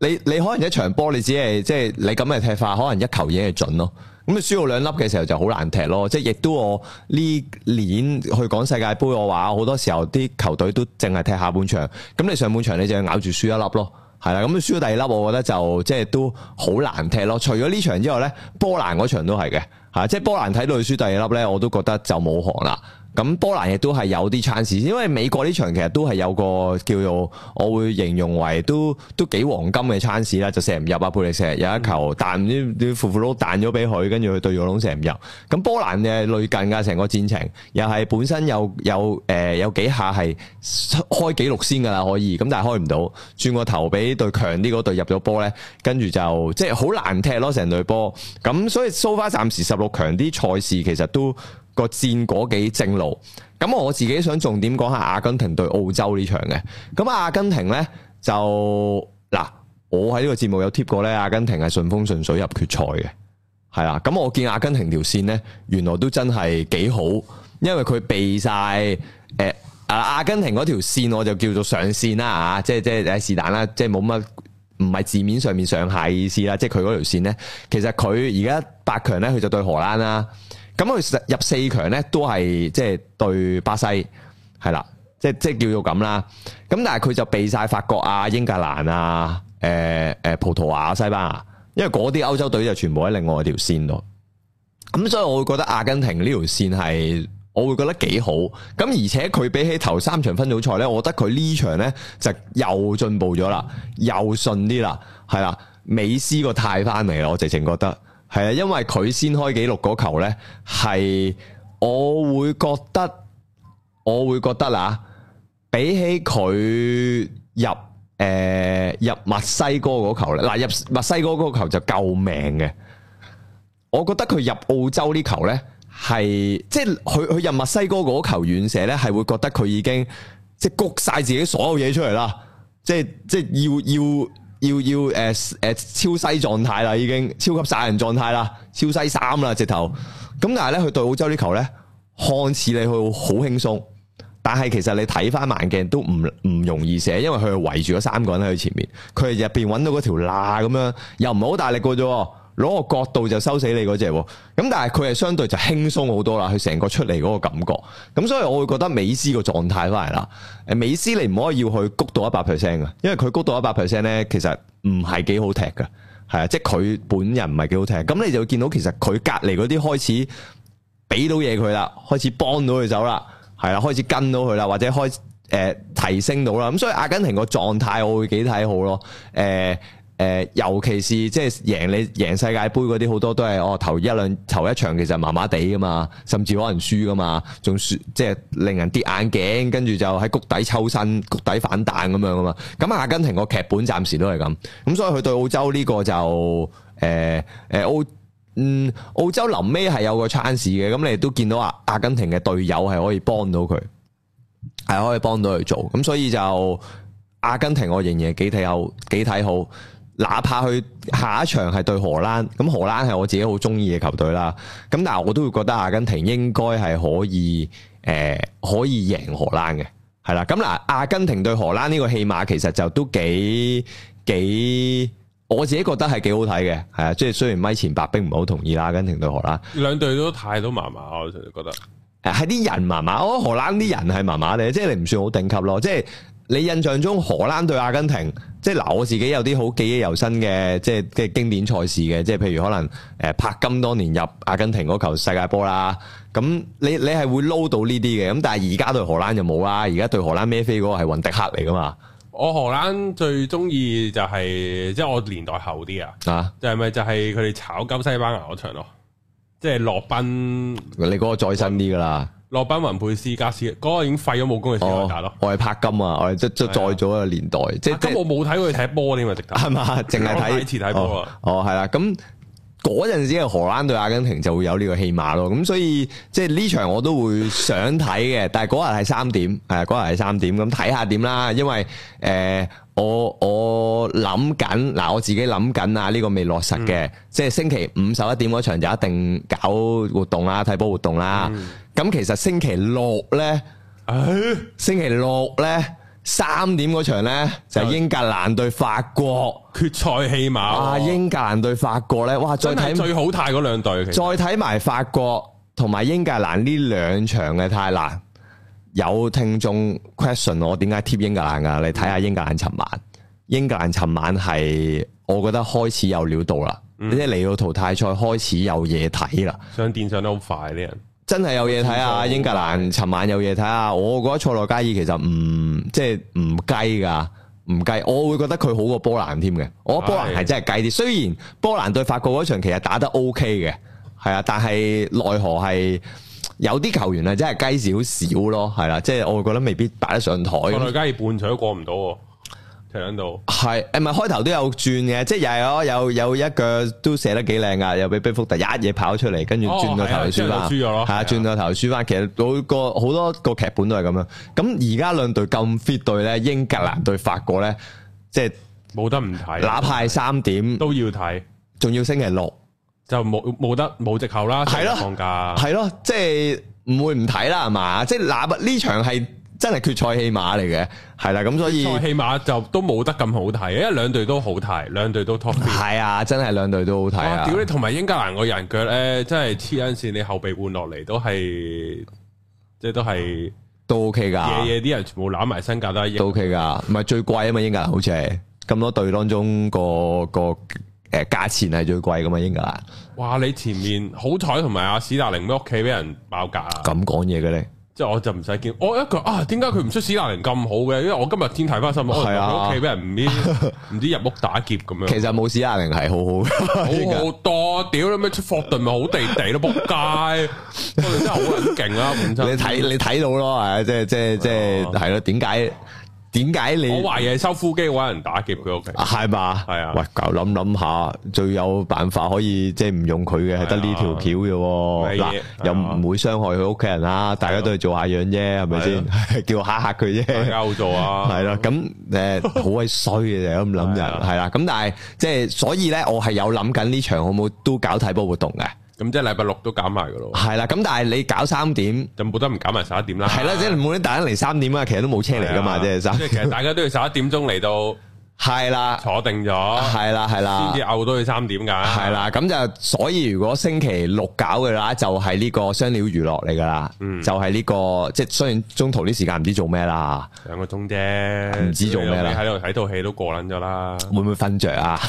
你你可能一場波你只係即係你咁嘅踢法，可能一球已經係準咯。咁你輸到兩粒嘅時候就好難踢咯。即係亦都我呢年去講世界杯嘅話，好多時候啲球隊都淨係踢下半場，咁你上半場你就要咬住輸一粒咯。係啦，咁輸第二粒，我覺得就即係都好難踢咯。除咗呢場之外咧，波蘭嗰場都係嘅，吓，即係波蘭睇到佢輸第二粒咧，我都覺得就冇行啦。咁波蘭亦都係有啲餐市，因為美國呢場其實都係有個叫做我會形容為都都幾黃金嘅餐市啦，就射唔入啊！佩利射有一球彈，啲啲副庫魯彈咗俾佢，跟住佢對魯隆射唔入。咁波蘭嘅累近㗎，成個戰情又係本身有有誒有幾下係開紀錄先㗎啦，可以咁，但係開唔到，轉個頭俾對強啲嗰隊入咗波咧，跟住就即係好難踢咯，成隊波。咁所以 so far 暫時十六強啲賽事其實都。個戰果幾正路，咁我自己想重點講下阿根廷對澳洲呢場嘅。咁阿根廷呢，就嗱，我喺呢個節目有貼過咧，阿根廷係順風順水入決賽嘅，係啦。咁我見阿根廷條線呢，原來都真係幾好，因為佢避晒誒啊！阿，呃，阿根廷嗰條線我就叫做上線啦，嚇、啊，即係即係是但啦，即係冇乜唔係字面上面上下意思啦。即係佢嗰條線咧，其實佢而家八強呢，佢就對荷蘭啦。咁佢入四強呢，都係即係對巴西，係啦，即係即係叫做咁啦。咁但係佢就避晒法國啊、英格蘭啊、誒、呃、誒、呃、葡萄牙、啊、西班牙，因為嗰啲歐洲隊就全部喺另外一條線度。咁所以我會覺得阿根廷呢條線係我會覺得幾好。咁而且佢比起頭三場分組賽呢，我覺得佢呢場呢，就又進步咗啦，又順啲啦，係啦，美斯個態翻嚟啦，我直情覺得。係啊，因為佢先開紀錄嗰球呢，係我會覺得我會覺得啊，比起佢入誒、呃、入墨西哥嗰球咧，嗱入墨西哥嗰個球就救命嘅。我覺得佢入澳洲呢球呢，係即係佢佢入墨西哥嗰球遠射呢，係會覺得佢已經即係谷晒自己所有嘢出嚟啦，即係即係要要。要要要誒誒超西狀態啦，已經超級殺人狀態啦，超西三啦，直頭。咁但係咧，佢對澳洲啲球咧，看似你去好輕鬆，但係其實你睇翻慢鏡都唔唔容易射，因為佢係圍住咗三個人喺佢前面，佢係入邊揾到嗰條罅咁樣，又唔係好大力嘅啫。攞個角度就收死你嗰隻喎，咁但係佢係相對就輕鬆好多啦，佢成個出嚟嗰個感覺，咁所以我會覺得美斯個狀態翻嚟啦。誒，美斯你唔可以要去谷到一百 percent 嘅，因為佢谷到一百 percent 咧，其實唔係幾好踢嘅，係啊，即係佢本人唔係幾好踢。咁你就會見到其實佢隔離嗰啲開始俾到嘢佢啦，開始幫到佢走啦，係啦，開始跟到佢啦，或者開誒、呃、提升到啦。咁所以阿根廷個狀態我會幾睇好咯，誒、呃。誒、呃，尤其是即係贏你贏,贏世界盃嗰啲，好多都係哦，頭一輪頭一場其實麻麻地噶嘛，甚至可能輸噶嘛，仲輸即係令人跌眼鏡，跟住就喺谷底抽身，谷底反彈咁樣啊嘛。咁阿根廷個劇本暫時都係咁，咁所以佢對澳洲呢個就誒誒、呃呃、澳嗯澳洲臨尾係有個差事嘅，咁你都見到啊阿,阿根廷嘅隊友係可以幫到佢，係可以幫到佢做，咁所以就阿根廷我仍然幾睇好幾睇好。哪怕佢下一場係對荷蘭，咁荷蘭係我自己好中意嘅球隊啦。咁但係我都會覺得阿根廷應該係可以，誒、呃、可以贏荷蘭嘅，係啦。咁、嗯、嗱，阿根廷對荷蘭呢個戲碼其實就都幾幾，我自己覺得係幾好睇嘅，係啊。即係雖然米前白兵唔係好同意阿根廷對荷蘭
兩隊都太多麻麻，我其實覺得係啲、啊、人麻麻，我荷
蘭啲人係麻麻哋，即係你唔算好頂級咯，即係。你印象中荷蘭對阿根廷，即係嗱，我自己有啲好記憶猶新嘅，即係即係經典賽事嘅，即係譬如可能誒柏金當年入阿根廷嗰球世界波啦。咁、嗯、你你係會撈到呢啲嘅，咁但係而家對荷蘭就冇啦。而家對荷蘭咩飛嗰個係雲迪克嚟噶嘛？
我荷蘭最中意就係即係我年代後啲啊，啊，啊，就係咪就係佢哋炒金西班牙嗰場咯，即係洛賓，
你嗰個再新啲噶啦。
洛賓、雲佩斯、加斯，嗰個已經廢咗武功嘅時候咯、
哦。我係柏金啊，我哋即即再早一個年代。即咁我冇睇過佢
踢波添啊，直頭即。係嘛、啊，淨係睇睇幾次睇波啊。
哦，係啦、啊。咁嗰陣時嘅荷蘭對阿根廷就會有呢個戲碼咯。咁所以即呢場我都會想睇嘅。 (laughs) 但係嗰日係三點，係，嗰日係三點。咁睇下點啦，因為誒。呃我我諗緊嗱，我自己諗緊啊，呢、這個未落實嘅。嗯、即係星期五十一點嗰場就一定搞活動啦，睇波活動啦。咁、嗯、其實星期六呢，唉、哎，星期六呢，三點嗰場呢，就英格蘭對法國，就是、決賽戲碼啊！英格蘭對法國呢，哇，再睇真係最好睇嗰
兩隊，再
睇埋法國同埋英格蘭呢兩場嘅泰蘭。有聽眾 question 我點解貼英格蘭噶？你睇下英格蘭尋晚，英格蘭尋晚係我覺得開始有料到啦，嗯、即係嚟到淘汰賽開始有嘢睇啦。
上電上得好快啲人，
真係有嘢睇啊！啊嗯、英格蘭尋晚有嘢睇啊！我覺得塞內加爾其實唔即係唔雞噶，唔雞，我會覺得佢好過波蘭添嘅。我覺得波蘭係真係雞啲，的雖然波蘭對法國嗰場其實打得 OK 嘅，係啊，但係奈何係。有啲球員啊，真係雞少少咯，係啦，即係我會覺得未必擺得上台。佢梗
係半場都過唔到，停喺度。係
誒，唔係開頭都有轉嘅，即係又係咯，有有一腳都射得幾靚噶，又俾貝福特一嘢跑出嚟，跟住轉個頭輸翻。哦、輸咗咯，係啊，轉個頭輸翻。其實每、那個好多個劇本都係咁樣。咁而家兩隊咁 fit 隊咧，英格蘭對法國咧，即係冇得唔睇，哪怕三點都要睇，仲要星期六。就冇冇得冇藉口啦，係咯，放假係咯，即係唔會唔睇啦，係嘛？即係嗱，呢場
係真係決賽戲碼嚟嘅。係啦，咁所以決賽戲碼就都冇得咁好睇，因為兩隊都好睇，兩隊都 top 係啊，真係兩隊都好睇啊！屌你，同埋英格蘭個人腳咧，真係黐根線，你後備換落嚟都係，即係都係
都 OK 噶、啊，嘢嘢
啲人全部攬埋身架都 OK
噶、啊，唔係最貴啊嘛？英格蘭好似係咁多隊當中個個。個誒，價錢係最貴噶嘛？英格，
哇！你前面好彩，同埋阿史達靈咩屋企俾人爆價
啊！咁講嘢嘅你，即
係我就唔使見，我一句啊，點解佢唔出史達靈咁好嘅？因為我今日天睇翻，新聞，屋企俾人唔知唔知入屋打劫咁樣。其實冇史達靈係好好嘅，好多屌你咩出霍頓咪好地地咯，仆街！真係好勁啦，本身你睇你睇到咯，係啊，即係即係即係係咯，點解？點解你我懷疑係收腹機搵人打劫
佢屋企？係嘛吧，係是啊，喂，諗諗下，最有辦法可以即係唔用佢嘅，係得呢條橋嘅。嗱，是啊、又唔會傷害佢屋企人啦，大家都係做下樣啫，係咪先？是啊、 (laughs) 叫吓吓佢啫，梗係好做啊， (laughs) 啊！係咯，咁、嗯、誒，好鬼衰嘅，你咁諗人係啦。咁但係即係，所以咧，我係有諗緊呢場，好冇都搞睇波活動嘅。
咁即係禮拜六都搞埋噶咯，係啦。咁但係你搞三點，就冇得唔搞埋十一點啦。係啦的，的即
係唔會大家嚟三點啊，其實都冇車嚟噶嘛，即係即係其實大
家都要十一點鐘嚟到。係啦，坐定咗，係啦係啦，先知嘔都要三點噶。
係啦，咁就所以如果星期六搞嘅啦，就係呢個雙料娛樂嚟噶啦，就係呢個即係雖然中途啲時間唔知做咩啦，
兩個鐘啫，唔知做咩啦。你喺度睇套戲都過捻咗啦，
會唔會瞓着
啊？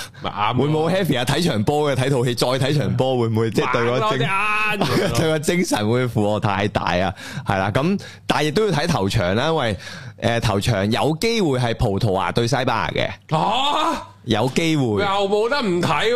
會唔會 happy 啊？睇場波嘅，睇套戲再睇場波，會唔會即係對個眼對個
精神會負荷太大啊？係啦，咁但係亦都要睇頭場啦，因為。誒頭場有機會係葡萄牙對西班牙嘅，啊？有機會
又冇得唔睇，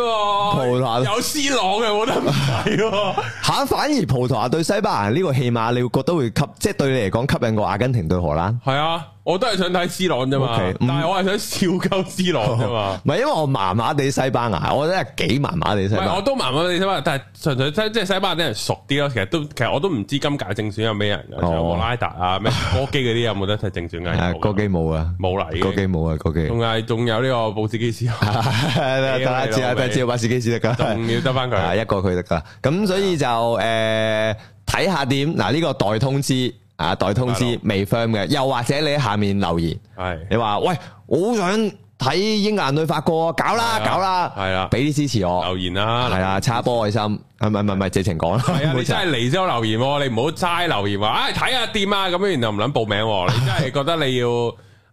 葡萄牙有 C 朗嘅，冇得唔睇，
嚇反而葡萄牙對西班牙呢個戲碼，你會覺得會吸，即係對你嚟講吸引過阿根廷對荷蘭。
係啊，我都係想睇 C 朗啫嘛，但係我係想笑鳩 C
朗啫嘛。唔係因為我麻麻地西班牙，我真係幾麻麻地西。唔係我
都麻麻地西班牙，但係純粹即係西班牙啲人熟啲咯。其實都其實我都唔知今屆正選有咩人嘅，莫拉達啊咩哥基嗰啲有冇得睇正選嘅？係哥基冇啊，冇嚟嘅。哥基冇啊，哥基。仲仲有呢個報係得啦，照啦，得照，把事機處理噶，仲要得翻佢，一個佢得噶。
咁所以就誒睇下點。嗱呢個待通知啊，待通知未 firm 嘅，又或者你喺下面留言，係你話喂，我好想睇英格蘭對法國搞啦，搞啦，係啦，俾啲支持我，留言啦，係啦，刷一波愛心，係咪唔係，直情講啦，你真係
嚟咗留言，你唔好齋留言話，唉睇下點啊，咁樣然後唔諗報名，你真係覺得你要。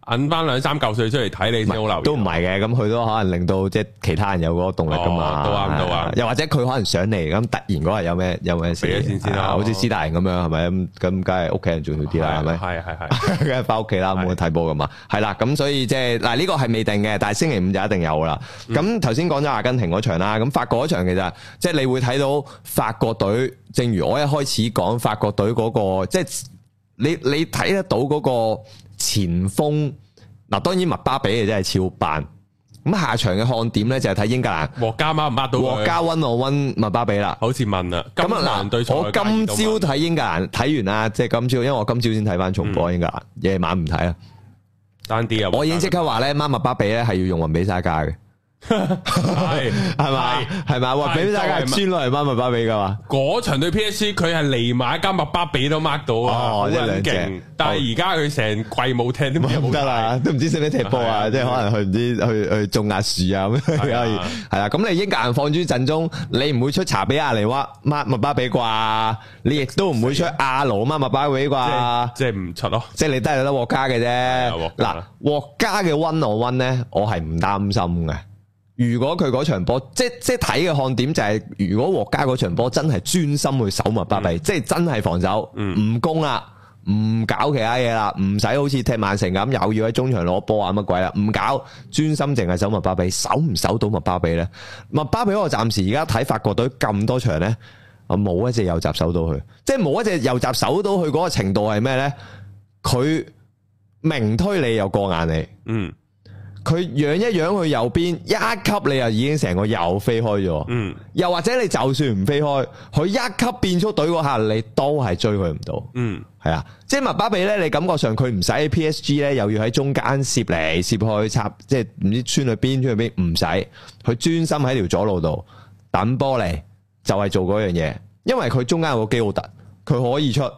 揾翻兩三嚿水出嚟睇你先，都唔係嘅，咁佢都可能令到即係其他人有嗰個動力噶嘛。都啱，都啱。
又或者佢可能上嚟咁突然嗰日有咩有咩事，好似斯大人咁樣，係咪咁咁？梗係屋企人重要啲啦，係咪？係係係，梗係翻屋企啦，冇去睇波噶嘛。係啦，咁所以即係嗱，呢個係未定嘅，但係星期五就一定有噶啦。咁頭先講咗阿根廷嗰場啦，咁法國嗰場其實即係你會睇到法國隊，正如我一開始講，法國隊嗰個即係你你睇得到嗰個。前鋒嗱，當然麥巴比啊，真係超班。咁下場嘅看點咧，就係睇英格蘭。獲加孖唔孖到？獲加温我温麥巴比啦，好似問啦。咁啊嗱，我今朝睇英格蘭，睇完啦，即係今朝，因為我今朝先睇翻重播英格蘭，夜晚唔睇啊。單啲啊！我已經即刻話咧，孖麥巴比咧係要用雲比沙卡嘅。
係係咪係咪，話俾大家先攞
嚟掹麥巴比噶嘛。
嗰場對 P S C，佢係埋一加麥巴比都 mark 到啊，好勁。但係而家佢成季冇踢都冇得啦，都唔知識唔識踢波啊，即係可
能去唔知去去種下樹啊咁。係啦、啊，咁你英格蘭放住陣中，你唔會出查比阿尼哇麥麥巴比啩？你亦都唔會出阿羅麥麥巴比啩？即係唔出咯，即係你都係得獲加嘅啫。嗱、啊，獲加嘅 one on one 咧，我係唔擔心嘅。如果佢嗰場波，即即睇嘅看，看點就係，如果沃家嗰場波真係專心去守麥巴比，嗯、即係真係防守，唔攻啊，唔搞其他嘢啦，唔使好似踢曼城咁又要喺中場攞波啊乜鬼啦，唔搞，專心淨係守麥巴比，守唔守到麥巴比呢？麥巴比我暫時而家睇法國隊咁多場呢，我冇一隻右閘守到佢，即係冇一隻右閘守到佢嗰個程度係咩呢？佢明推你又過眼你，嗯。佢仰一仰去右邊一級，你又已經成個右飛開咗。嗯，又或者你就算唔飛開，佢一級變速隊嗰下，你都係追佢唔到。嗯，係啊，即係麥巴比呢，你感覺上佢唔使喺 P S G 呢，又要喺中間攝嚟攝去插，即係唔知穿去邊穿去邊，唔使佢專心喺條左路度等波嚟，就係、是、做嗰樣嘢。因為佢中間有個機會突，佢可以出，係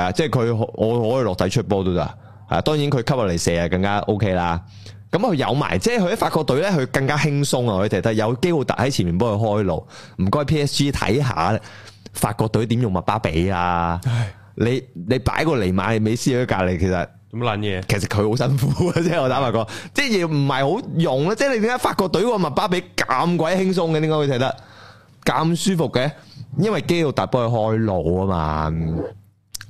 啊，即係佢我，我可以落底出波都得。係啊，當然佢吸落嚟射啊，更加 O K 啦。咁佢有埋，即係佢喺法國隊咧，佢更加輕鬆啊！佢踢得有基奧特喺前面幫佢開路，唔該 P S G 睇下法國隊點用麥巴比啊！唉你你擺個尼馬美斯喺隔籬，其實咁撚嘢？其實佢好辛苦啊！即係我坦白講，即係唔係好用啊。即係你點解法國隊個麥巴比咁鬼輕鬆嘅？點解佢睇得咁舒服嘅？因為基奧特幫佢開路啊嘛。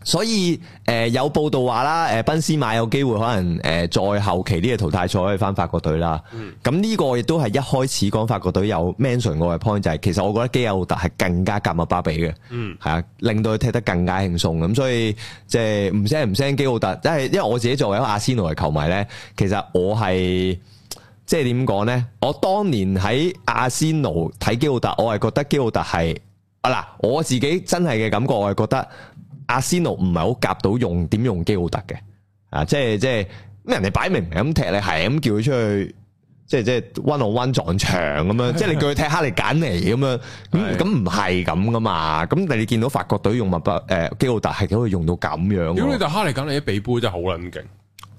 所以，誒、呃、有報道話啦，誒、呃、賓斯馬有機會可能誒、呃、再後期呢個淘汰賽可以翻法國隊啦。咁呢、嗯、個亦都係一開始講法國隊有 mention 我嘅 point 就係，其實我覺得基奧特係更加夾密巴比嘅，係、嗯、啊，令到佢踢得更加輕鬆。咁所以即係唔聲唔聲，基奧特，因為因為我自己作為一個阿仙奴嘅球迷咧，其實我係即係點講咧？我當年喺阿仙奴睇基奧特，我係覺得基奧特係啊嗱，我自己真係嘅感覺，我係覺得。阿仙奴唔係好夾到用，點用基奧特嘅？啊，即係即係咩人哋擺明明咁踢你，係咁叫佢出去，即係即係 one on one 撞牆咁樣，即係 on (laughs) 你叫佢踢哈利簡尼咁、嗯、 (laughs) 樣，咁咁唔係咁噶嘛？咁但係你見到法國隊用麥不誒基奧特係點可以用到咁樣？如果你
對哈利簡尼一比杯真係好冷靜。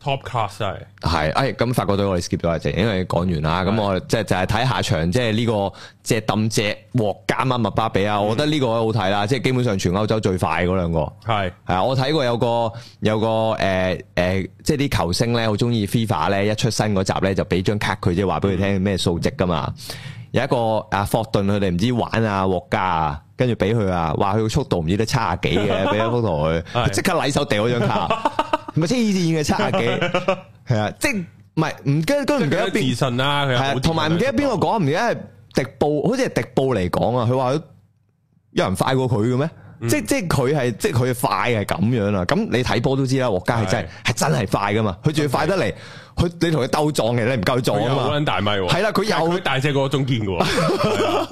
Top class 係，
係，誒、哎、咁法國隊我哋 skip 咗一隻，因為講完啦，咁是、嗯、我即係就係睇下場，即係呢個即係抌隻獲加啊麥巴比啊，嗯、我覺得呢個好睇啦，即係基本上全歐洲最快嗰兩個。係啊是，我睇過有個有個誒誒、呃呃，即係啲球星咧好中意 FIFA 咧一出新嗰集咧就俾張卡佢，即係話俾佢聽咩數值噶嘛。有一個阿霍頓佢哋唔知玩啊獲加啊，跟住俾佢啊，話佢個速度唔知得差廿幾嘅，俾咗速度佢，是是即刻禮手掉咗張卡。 (laughs) 咪黐線嘅七廿幾，係啊，即係唔係唔跟跟唔記得自信啦，係啊，同埋唔記得邊個講唔記得係迪布， (laughs) 好似係迪布嚟講啊，佢話有人快過佢嘅咩？即即係佢係即係佢快係咁樣啦。咁你睇波都知啦，霍家係真係係的真係快㗎嘛，佢仲要快得嚟。佢你同佢鬥撞嘅，你唔夠撞啊嘛！我搵大咪
喎。係啦，佢又會大隻過中堅
嘅喎。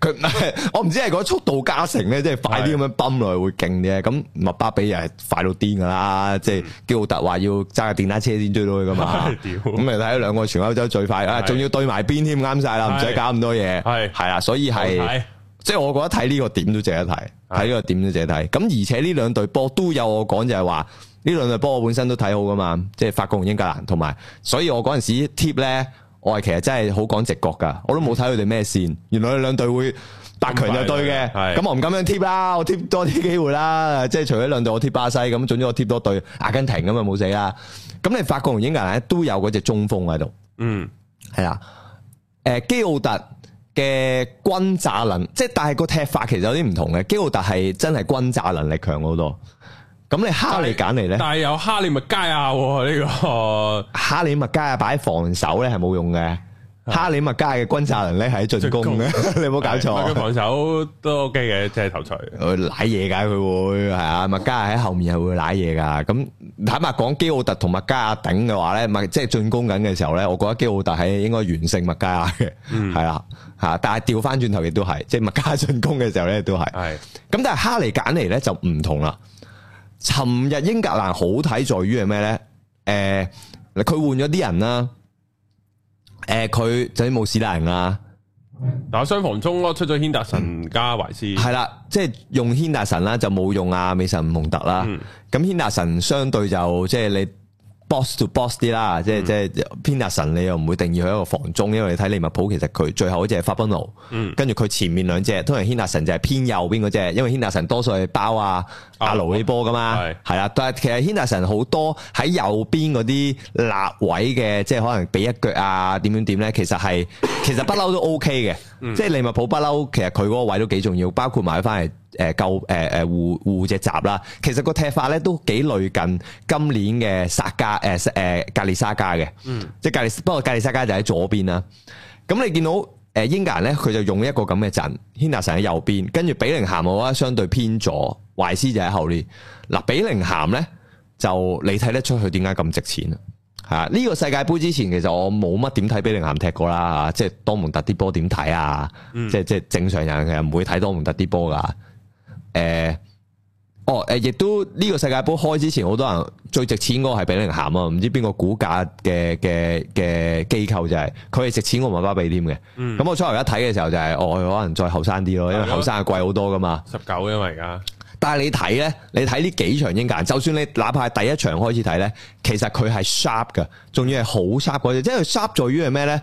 佢我唔知係嗰速度加成咧，即係快啲咁樣奔落去會勁啲啊！咁麥巴比又係快到癲噶啦，即係基奧特話要揸電單車先追到佢噶嘛。咁啊睇兩個全歐洲最快啊，仲要對埋邊添啱晒啦，唔使搞咁多嘢。係係啦，所以係即係我覺得睇呢個點都值得睇，睇呢個點都值得睇。咁而且呢兩隊波都有我講就係話。呢兩隊波我本身都睇好噶嘛，即係法國同英格蘭同埋，所以我嗰陣時 tip 咧，我係其實真係好講直覺噶，我都冇睇佢哋咩線。原來兩隊會八強就對嘅，咁我唔敢咁樣 tip 啦，的我 tip 多啲機會啦。即係除咗兩隊，我 tip 巴西咁，總之我 tip 多對阿根廷咁啊冇死啦。咁你法國同英格蘭咧都有嗰隻中鋒喺度，嗯，係啦。誒、呃、基奧特嘅轟炸能，即係但係個踢法其實有啲唔同嘅。基奧特係真係轟炸能力強好多。咁你哈利簡尼咧？但係有哈利麥加亞，呢個哈利麥加亞擺防守咧係冇用嘅，哈利麥加嘅軍神咧係進攻嘅，你冇搞錯。
防守都 OK 嘅，即係頭錘。
佢舐嘢噶，佢會係啊麥加喺後面係會舐嘢噶。咁坦白講基奧特同麥加亞頂嘅話咧，咪即係進攻緊嘅時候咧，我覺得基奧特係應該完勝麥加亞嘅，係啦吓。但係調翻轉頭亦都係，即係麥加進攻嘅時候咧都係。係咁，但係哈利簡尼咧就唔同啦。尋日英格蘭好睇在於係咩咧？誒、呃，佢換咗啲人啦，誒、呃，佢就冇史達人啦，打雙防中咯，出咗軒達臣、嗯、加懷斯，係啦，即係用軒達臣啦，就冇、是、用啊，美神蒙特啦，咁軒達臣相對就即係、就是、你。box to box 啲啦，嗯、即係即係 Henderson 你又唔會定義佢喺一個防中，因為你睇利物浦其實佢最後嗰隻係 Fabinho，跟住佢前面兩隻通常 Henderson 就係偏右邊嗰隻，因為 Henderson 多數係包啊阿盧起波噶嘛，係啦是，但係其實 Henderson 好多喺右邊嗰啲立位嘅，即係可能俾一腳啊點樣點咧，其實係 (laughs) 其實不嬲都 OK 嘅，即係、嗯、利物浦不嬲，其實佢嗰個位都幾重要，包括埋翻嚟。誒救誒誒護護隻閘啦，其實個踢法咧都幾類近今年嘅、啊、薩加誒誒格列沙加嘅，嗯，即係格列不過格列沙加就喺左邊啦。咁你見到誒英格蘭咧，佢就用一個咁嘅陣，亨達臣喺右邊，跟住比寧鹹嘅話相對偏左，懷斯就喺後面、嗯。嗱，比寧鹹咧就你睇得出佢點解咁值錢啊？係呢個世界盃之前其實我冇乜點睇比寧鹹踢過啦，即係多蒙特啲波點睇啊？即係即係正常人其實唔會睇多蒙特啲波㗎。誒，嗯、哦，誒，亦都呢個世界杯開之前，好多人最值錢嗰個係碧靈咸啊，唔知邊個估價嘅嘅嘅機構就係、是，佢係值錢我唔係包俾添嘅，咁、嗯、我初頭一睇嘅時候就係、是，我、哦、可能再後生啲咯，因為後生係貴好多噶嘛，十九因為而家，但係你睇咧，你睇呢幾場英格蘭，就算你哪怕第一場開始睇咧，其實佢係 sharp 噶，仲要係好 sharp 嗰隻，即係佢 sharp 在於係咩咧？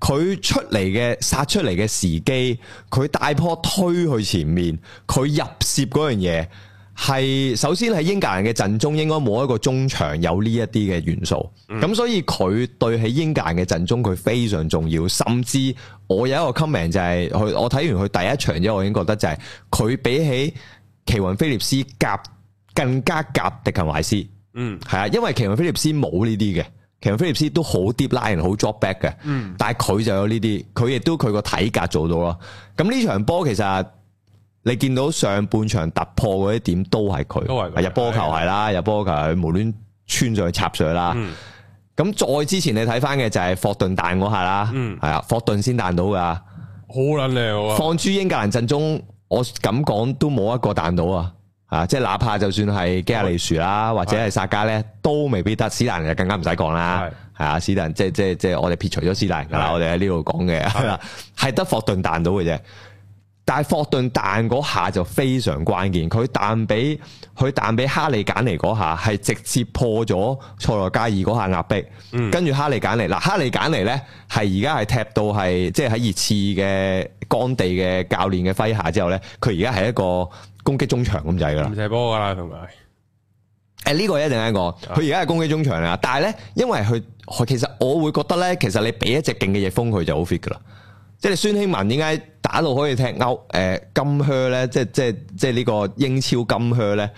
佢出嚟嘅殺出嚟嘅時機，佢帶波推去前面，佢入蝕嗰樣嘢係首先喺英格蘭嘅陣中應該冇一個中場有呢一啲嘅元素，咁、嗯、所以佢對起英格蘭嘅陣中佢非常重要，甚至我有一個 comment 就係、是、佢我睇完佢第一場啫，我已經覺得就係佢比起奇雲菲力斯夾更加夾迪肯懷斯，嗯，係啊，因為奇雲菲力斯冇呢啲嘅。其實菲利斯都好 deep line，好 drop back 嘅，嗯、但係佢就有呢啲，佢亦都佢個體格做到咯。咁呢場波其實你見到上半場突破嗰啲點都係佢，都入波球係啦，的入波球佢無端穿咗去插水啦。咁、嗯、再之前你睇翻嘅就係霍頓彈嗰下啦，係啊、嗯，霍頓先彈到噶，好撚靚啊！放諸英格蘭陣中，我咁講都冇一個彈到啊！啊！即係哪怕就算係基亞利樹啦，或者係薩加咧，都未必得。斯坦就更加唔使講啦。係 (music) 啊，斯坦即係即係即係，我哋撇除咗斯坦噶啦， (music) 我哋喺呢度講嘅係啦，係得 (music) 霍頓彈到嘅啫。但係霍頓彈嗰下就非常關鍵，佢彈俾佢彈俾哈利簡尼嗰下，係直接破咗塞羅加爾嗰下壓迫。跟住、嗯、哈利簡尼嗱，哈利簡尼咧係而家係踢到係，即係喺熱刺嘅干地嘅教練嘅麾下之後咧，佢而家係一個。攻擊中場咁就係噶啦，唔使波噶啦同埋，誒呢、啊這個一定係一個，佢而家係攻擊中場啦，但係咧因為佢，我其實我會覺得咧，其實你俾一隻勁嘅翼鋒佢就好 fit 噶啦，即係孫興文點解打到可以踢歐誒、呃、金靴咧？即係即係即係呢個英超金靴咧？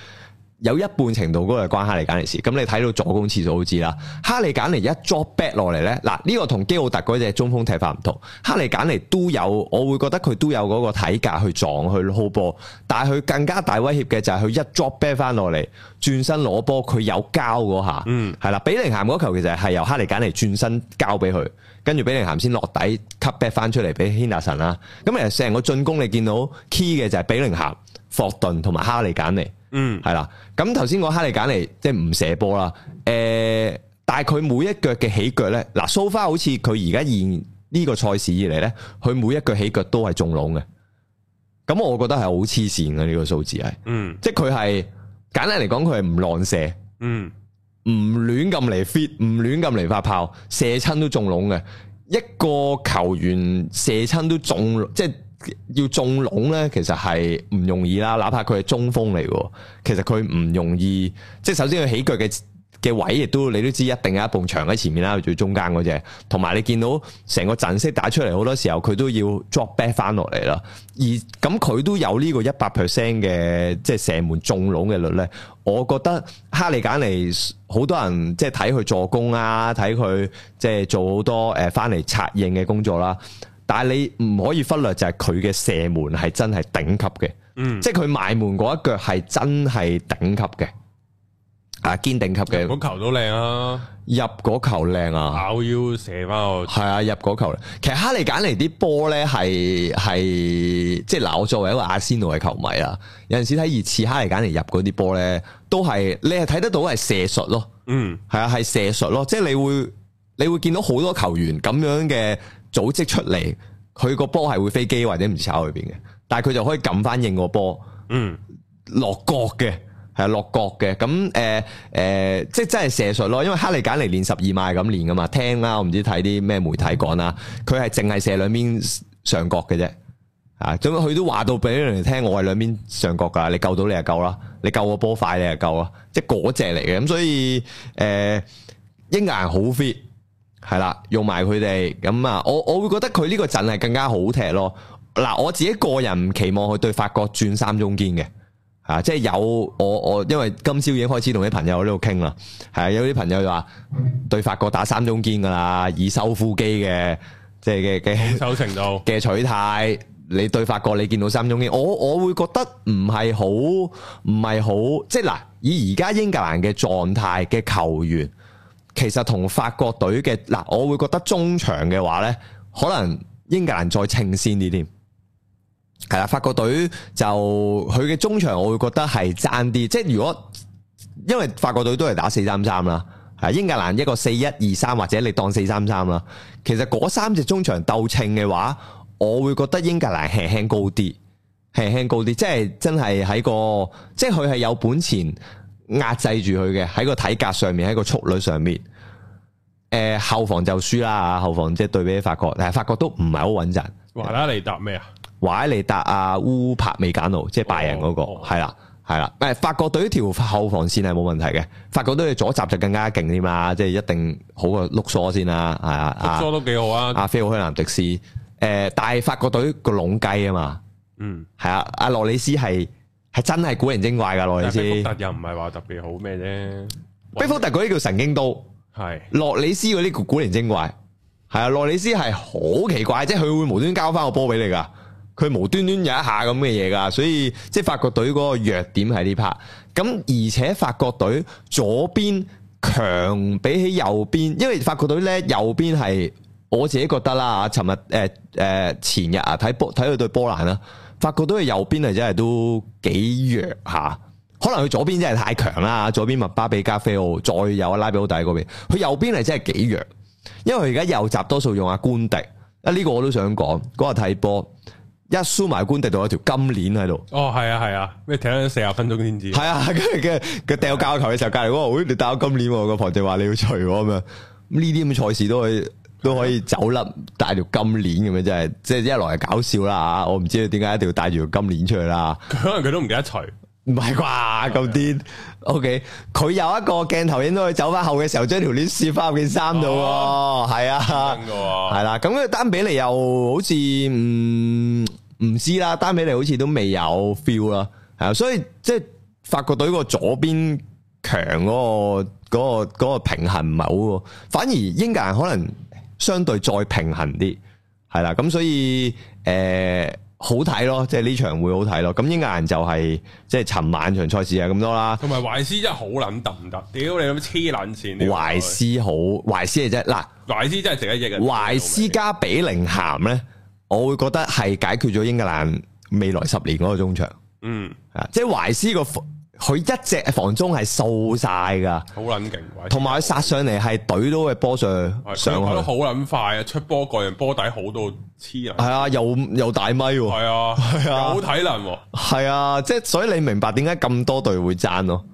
有一半程度嗰個係關哈利簡尼事，咁你睇到助攻次數都知啦。哈利簡尼一 drop back 落嚟咧，嗱呢個同基奧達嗰隻中鋒踢法唔同。哈利簡尼都有，我會覺得佢都有嗰個體格去撞去 hold 波，但係佢更加大威脅嘅就係佢一 drop back 翻落嚟，轉身攞波，佢有交嗰下，嗯，係啦。比靈咸嗰球其實係由哈利簡尼轉身交俾佢，跟住比靈咸先落底 cut back 翻出嚟俾軒達臣啦。咁其實成個進攻你見到 key 嘅就係比靈咸、霍頓同埋哈利簡尼。嗯，係啦，咁頭先講哈利簡尼即係唔射波啦，誒、呃，但係佢每一腳嘅起腳咧，嗱蘇花好似佢而家現呢個賽事以嚟咧，佢每一腳起腳都係中籠嘅，咁我覺得係好黐線嘅呢個數字係，嗯，即係佢係簡單嚟講佢係唔浪射，嗯，唔亂咁嚟 fit，唔亂咁嚟發炮，射親都中籠嘅，一個球員射親都中籠，即係。要中籠咧，其實係唔容易啦。哪怕佢係中鋒嚟，其實佢唔容易。即係首先佢起腳嘅嘅位，亦都你都知，一定有一埲牆喺前面啦。佢最中間嗰隻，同埋你見到成個陣式打出嚟，好多時候佢都要 drop back 翻落嚟啦。而咁佢都有呢個一百 percent 嘅即係射門中籠嘅率咧。我覺得哈利簡尼好多人即係睇佢助攻啊，睇佢即係做好多誒翻嚟策應嘅工作啦。但係你唔可以忽略就係佢嘅射門係真係頂級嘅，嗯、即係佢埋門嗰一腳係真係頂級嘅啊，堅頂級嘅。嗰球都
靚啊，啊，
啊，入嗰球靚啊，咬腰
射翻去係啊，入嗰球。
其實哈利簡尼啲波咧係係即係嗱、啊，我作為一個阿仙奴嘅球迷啊。有陣時睇熱刺哈利簡尼入嗰啲波咧，都係你係睇得到係射術咯，嗯，係啊，係射術咯，即係你會你會見到好多球員咁樣嘅。組織出嚟，佢個波係會飛機或者唔炒去邊嘅，但係佢就可以撳翻應個波，嗯，落角嘅係落角嘅，咁誒誒，即係真係射術咯，因為哈利簡尼練十二碼咁練噶嘛，聽啦，我唔知睇啲咩媒體講啦，佢係淨係射兩邊上角嘅啫，嚇、啊，咁佢都話到俾人哋聽，我係兩邊上角噶，你救到你就救啦，你救個波快你就救啦，即係嗰隻嚟嘅，咁所以誒、呃，英眼好 fit。係啦，用埋佢哋咁啊，我我會覺得佢呢個陣係更加好踢咯。嗱，我自己個人唔期望去對法國轉三中堅嘅，啊，即係有我我因為今朝已經開始同啲朋友喺度傾啦，係、啊、有啲朋友話對法國打三中堅噶啦，以收腹肌嘅即係嘅嘅收程度嘅取態，你對法國你見到三中堅，我我會覺得唔係好唔係好，即係嗱、啊，以而家英格蘭嘅狀態嘅球員。其實同法國隊嘅嗱，我會覺得中場嘅話呢，可能英格蘭再稱先啲添。係啦，法國隊就佢嘅中場我會覺得係爭啲，即係如果因為法國隊都係打四三三啦，係英格蘭一個四一二三或者你當四三三啦。其實嗰三隻中場鬥秤嘅話，我會覺得英格蘭輕輕高啲，輕輕高啲，即係真係喺個，即係佢係有本錢。壓制住佢嘅喺個體格上面，喺個速率上面，誒後防就輸啦吓，後防即係對比法國，但係法國都唔係好穩陣。
華拉尼達咩啊？
華拉尼達阿烏柏美賈奴，即係白人嗰個係啦，係啦、哦哦哦哦哦，誒法國隊條後防線係冇問題嘅，法國隊嘅左閘就更加勁添嘛，即係一定好過碌梳先啦，係啊，碌梳
都幾好啊，阿菲
奧克南迪斯，誒、呃、但係法國隊個籠雞啊嘛，嗯係啊，阿、啊、羅里斯係。係真係古靈精怪噶洛里斯，畢福
特又唔係話特別好咩啫？畢福
特嗰啲叫神經刀，係洛是里斯嗰啲古古靈精怪，係啊，洛里斯係好奇怪，即係佢會無端端交翻個波俾你噶，佢無端端有一下咁嘅嘢噶，所以即係法國隊嗰個弱點喺呢 part。咁而且法國隊左邊強比起右邊，因為法國隊咧右邊係我自己覺得啦吓，尋日誒誒前日啊睇波睇佢對波蘭啦。發覺到佢右邊係真係都幾弱吓，可能佢左邊真係太強啦。左邊麥巴比加菲奧，再有拉比奧底嗰邊，佢右邊係真係幾弱，因為而家右閘多數用阿官迪。這個官鍊鍊哦、啊，呢個我都想講，嗰日睇波一輸埋官迪，仲有條金鏈喺度。
哦，係啊，係啊，咩睇咗四十分鐘先知？係啊，跟住佢佢掟教球嘅時候，隔籬、oh, 我話：，喂，你帶咗金
鏈，個旁就話你要除咁樣。咁呢啲咁嘅賽事都係。都可以走甩帶條金鏈咁樣，真係即係一來係搞笑啦吓，我唔知佢點解一定要帶住條金鏈出去啦。
可能佢都唔記得除，
唔係啩咁癲。OK 佢有一個鏡頭影到佢走翻後嘅時候條鏈我，將條鏈試翻入件衫度，
係啊，
係啦。咁單比利又好似唔唔知啦，單比利好似都未有 feel 啦，係啊。所以即係法國隊、嗰個左邊強嗰個個、嗰個平衡唔係好，反而英格蘭可能。相對再平衡啲，係啦，咁所以誒、呃、好睇咯，即係呢場會好睇咯。咁英格蘭就係、是、即係尋晚場賽事係咁多啦。同埋懷
斯真係好捻揼唔揼，屌你咁黐捻線。
懷斯好，懷斯嚟、就、啫、是。嗱，
懷斯真係值一億嘅。懷
斯加比靈咸咧，我會覺得係解決咗英格蘭未來十年嗰個中場。
嗯，
啊，即係懷斯個。佢一隻房中係掃晒噶，
好捻勁，
同埋佢殺上嚟係懟到嘅波上上去，上去都
好捻快啊！出波個人波底好多黐人，係啊，又又大咪喎，係啊，係啊，好體能，係啊，
即係所以你明白點解咁多隊會爭咯？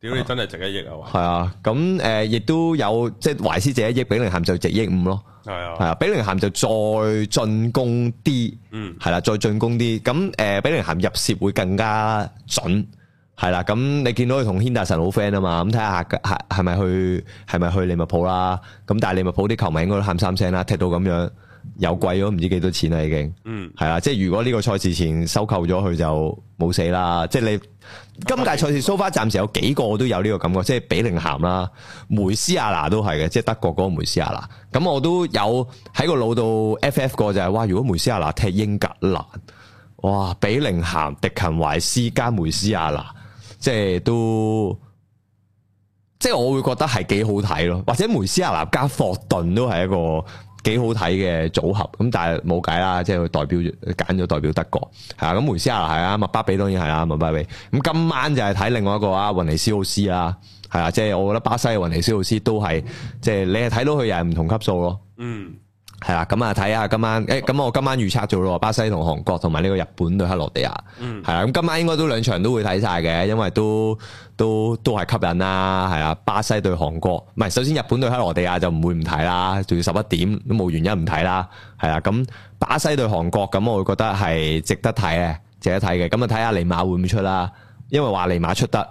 屌你真係值一億啊！
係啊，咁誒，亦都有即係懷斯值一億，比寧咸就值億五咯，係啊，係啊，比寧咸就再進攻啲，嗯，係啦，再進攻啲，咁誒，比寧咸入射會更加準。係啦，咁你見到佢同軒達臣好 friend 啊嘛，咁睇下係係咪去係咪去利物浦啦？咁但係利物浦啲球迷應該都喊三聲啦，踢到咁樣又貴咗唔知幾多錢啦已經。嗯，係啦，即係如果呢個賽事前收購咗佢就冇死啦。即係你今屆賽事蘇花暫時有幾個我都有呢個感覺，即係比寧鹹啦、梅斯亞拿都係嘅，即係德國嗰個梅斯亞拿。咁我都有喺個腦度 FF 過就係、是、話，如果梅斯亞拿踢英格蘭，哇！比寧鹹、迪勤懷斯加梅斯亞拿。即係都，即係我會覺得係幾好睇咯，或者梅斯阿納加霍頓都係一個幾好睇嘅組合，咁但係冇計啦，即係佢代表揀咗代表德國係啊，咁梅斯阿納係啊，麥巴比當然係啦，麥巴比，咁今晚就係睇另外一個啊，雲尼斯奧斯啦，係啊，即係我覺得巴西嘅雲尼斯奧斯都係，即係、嗯、你係睇到佢又係唔同級數咯，嗯。係啦，咁啊睇下今晚，誒、欸，咁我今晚預測咗咯，巴西同韓國同埋呢個日本對克羅地亞，嗯，係啦，咁今晚應該都兩場都會睇晒嘅，因為都都都係吸引啦，係啦，巴西對韓國，唔係，首先日本對克羅地亞就唔會唔睇啦，仲要十一點都冇原因唔睇啦，係啦，咁巴西對韓國，咁我會覺得係值得睇嘅，值得睇嘅，咁啊睇下尼馬會唔會出啦，啊，因為話尼馬出得。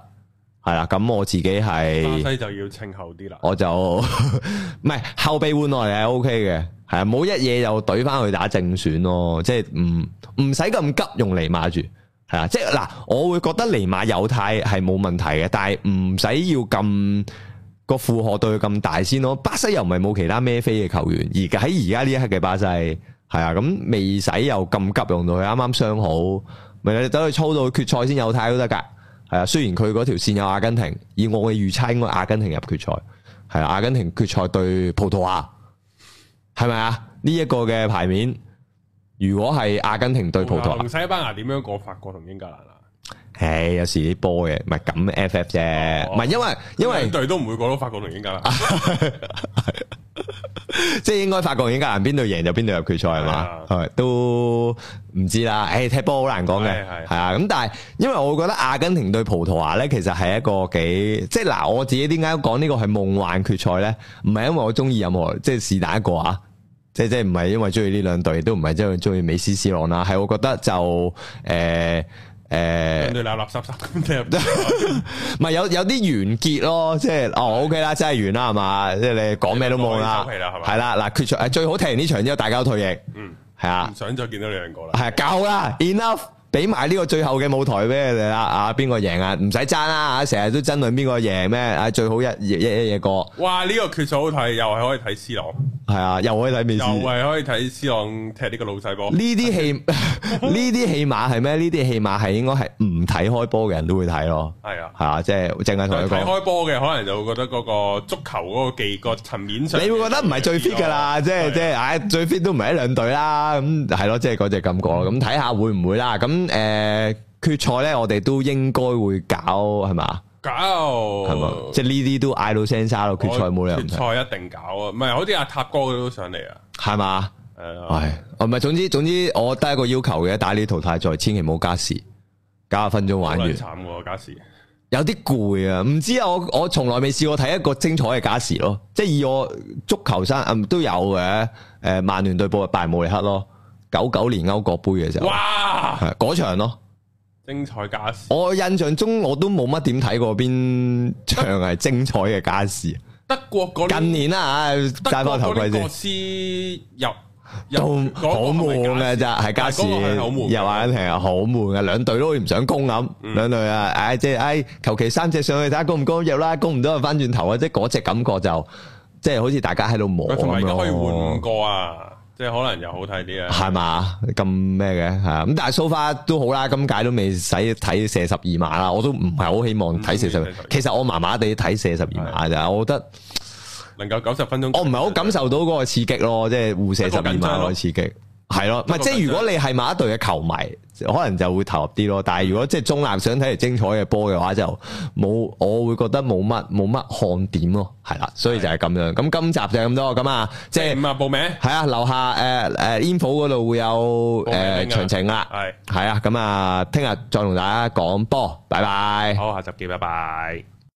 係啦，咁我自己係巴西就要稱後啲啦，我就唔係後備換落嚟係 O K 嘅，係啊，冇一嘢又懟翻去打正選咯，即係唔唔使咁急用尼馬住，係啊，即係嗱，我會覺得尼馬有態係冇問題嘅，但係唔使要咁個負荷對佢咁大先咯。巴西又唔係冇其他咩飛嘅球員，而喺而家呢一刻嘅巴西係啊，咁未使又咁急用到佢啱啱傷好，咪你等佢操到決賽先有態都得噶。係啊，雖然佢嗰條線有阿根廷，以我嘅預測應該阿根廷入決賽，係啊，阿根廷決賽對葡萄牙，係咪啊？呢、這、一個嘅牌面，如果係阿根廷對葡萄牙，同
西班牙點樣過法國同英格蘭啊？
係、哎、有時啲波嘅，唔係咁 FF 啫，唔係、哦、因為
因為隊都唔會過到法國同英格蘭。 (laughs)
(laughs) 即係應該法國英格蘭邊度贏就邊度有決賽，係嘛？都唔知啦。唉、欸，踢波好難講嘅，係啊。咁但係，因為我覺得阿根廷對葡萄牙呢，其實係一個幾即係嗱，我自己點解講呢個係夢幻決賽呢？唔係因為我中意任何，即係是但一個啊，即係即唔係因為中意呢兩隊，都唔係真係中意美斯 C 朗啦，係我覺得就誒。呃誒，
跟住垃垃圾圾，
唔係 (laughs) 有有啲完結咯，即係的哦，OK 啦，真係完啦，係嘛的，即係你講咩都冇啦，係啦的，嗱，結束誒，最好踢完呢場之後大家都退役，嗯，係啊的，唔想再見到你兩個啦，係夠啦，Enough。俾埋呢個最後嘅舞台俾你哋啦？啊，邊個贏啊？唔使爭啦吓，成日都爭論邊個贏咩？啊，最好一一一夜過。
哇！呢個確實好睇，又係可以睇 C 朗，
係啊，又可以睇面，又
係可以睇 C 朗踢呢個老細波。呢啲戲
呢啲戲碼係咩？呢啲戲碼係應該係唔睇開波嘅人都會睇咯。係啊，係啊，即係正眼同佢講。睇
開波嘅可能就會覺得嗰個足球嗰個技個層面上，你會覺得唔係最 fit 噶啦，即係即
係唉，最 fit 都唔係一兩隊啦咁，係咯，即係嗰隻感覺咯。咁睇下會唔會啦？咁。誒、呃，決賽咧，我哋都應該會搞係嘛？
搞，即
係呢啲都嗌到聲沙咯。決賽冇理由。決賽
一定搞啊！唔係，好似阿塔哥佢都上嚟啊，係嘛？
係，哦，唔係，總之總之，我第一個要求嘅打呢淘汰賽，千祈冇加時，加一分鐘玩完。慘、啊、加時有啲攰啊！唔知啊，我我從來未試過睇一個精彩嘅加時咯。即係以我足球生，嗯、都有嘅。誒、呃，曼聯對波拜姆尼克咯。九九年歐國杯嘅時候，哇，嗰場咯，
精彩
加時。我印象中我都冇乜點睇過邊場係精彩嘅加時。德國嗰近年啊，啊，揸翻頭盔先
入都好悶嘅，咋係加時又話
係啊好悶嘅，兩隊都唔想攻咁，兩隊啊，唉，即係唉，求其三隻上去睇下攻唔攻入啦，攻唔到就翻轉頭啊，即係嗰隻感覺就即係好似大家喺度摸咁樣。同埋而家可以換
過啊。即係
可能又好睇啲啊，係嘛？咁咩嘅，係咁但係 so far 都好啦，今屆都未使睇射十二碼啦，我都唔係好希望睇射十二碼。其實我麻麻地睇射十二碼就，我覺得能夠九十分鐘，我唔係好感受到嗰個刺激咯，即係互射十二碼嘅刺激係咯，唔係即係如果你係某一隊嘅球迷。可能就會投入啲咯，但係如果即係中南想睇嚟精彩嘅波嘅話，就冇我會覺得冇乜冇乜看點咯，係啦，所以就係咁樣。咁今集就咁多，咁啊、就是，即係五啊報名，係啊，樓下誒誒 info 嗰度會有誒詳情啦，係係啊，咁啊，聽日再同大家講波，拜拜，好，下集見，拜拜。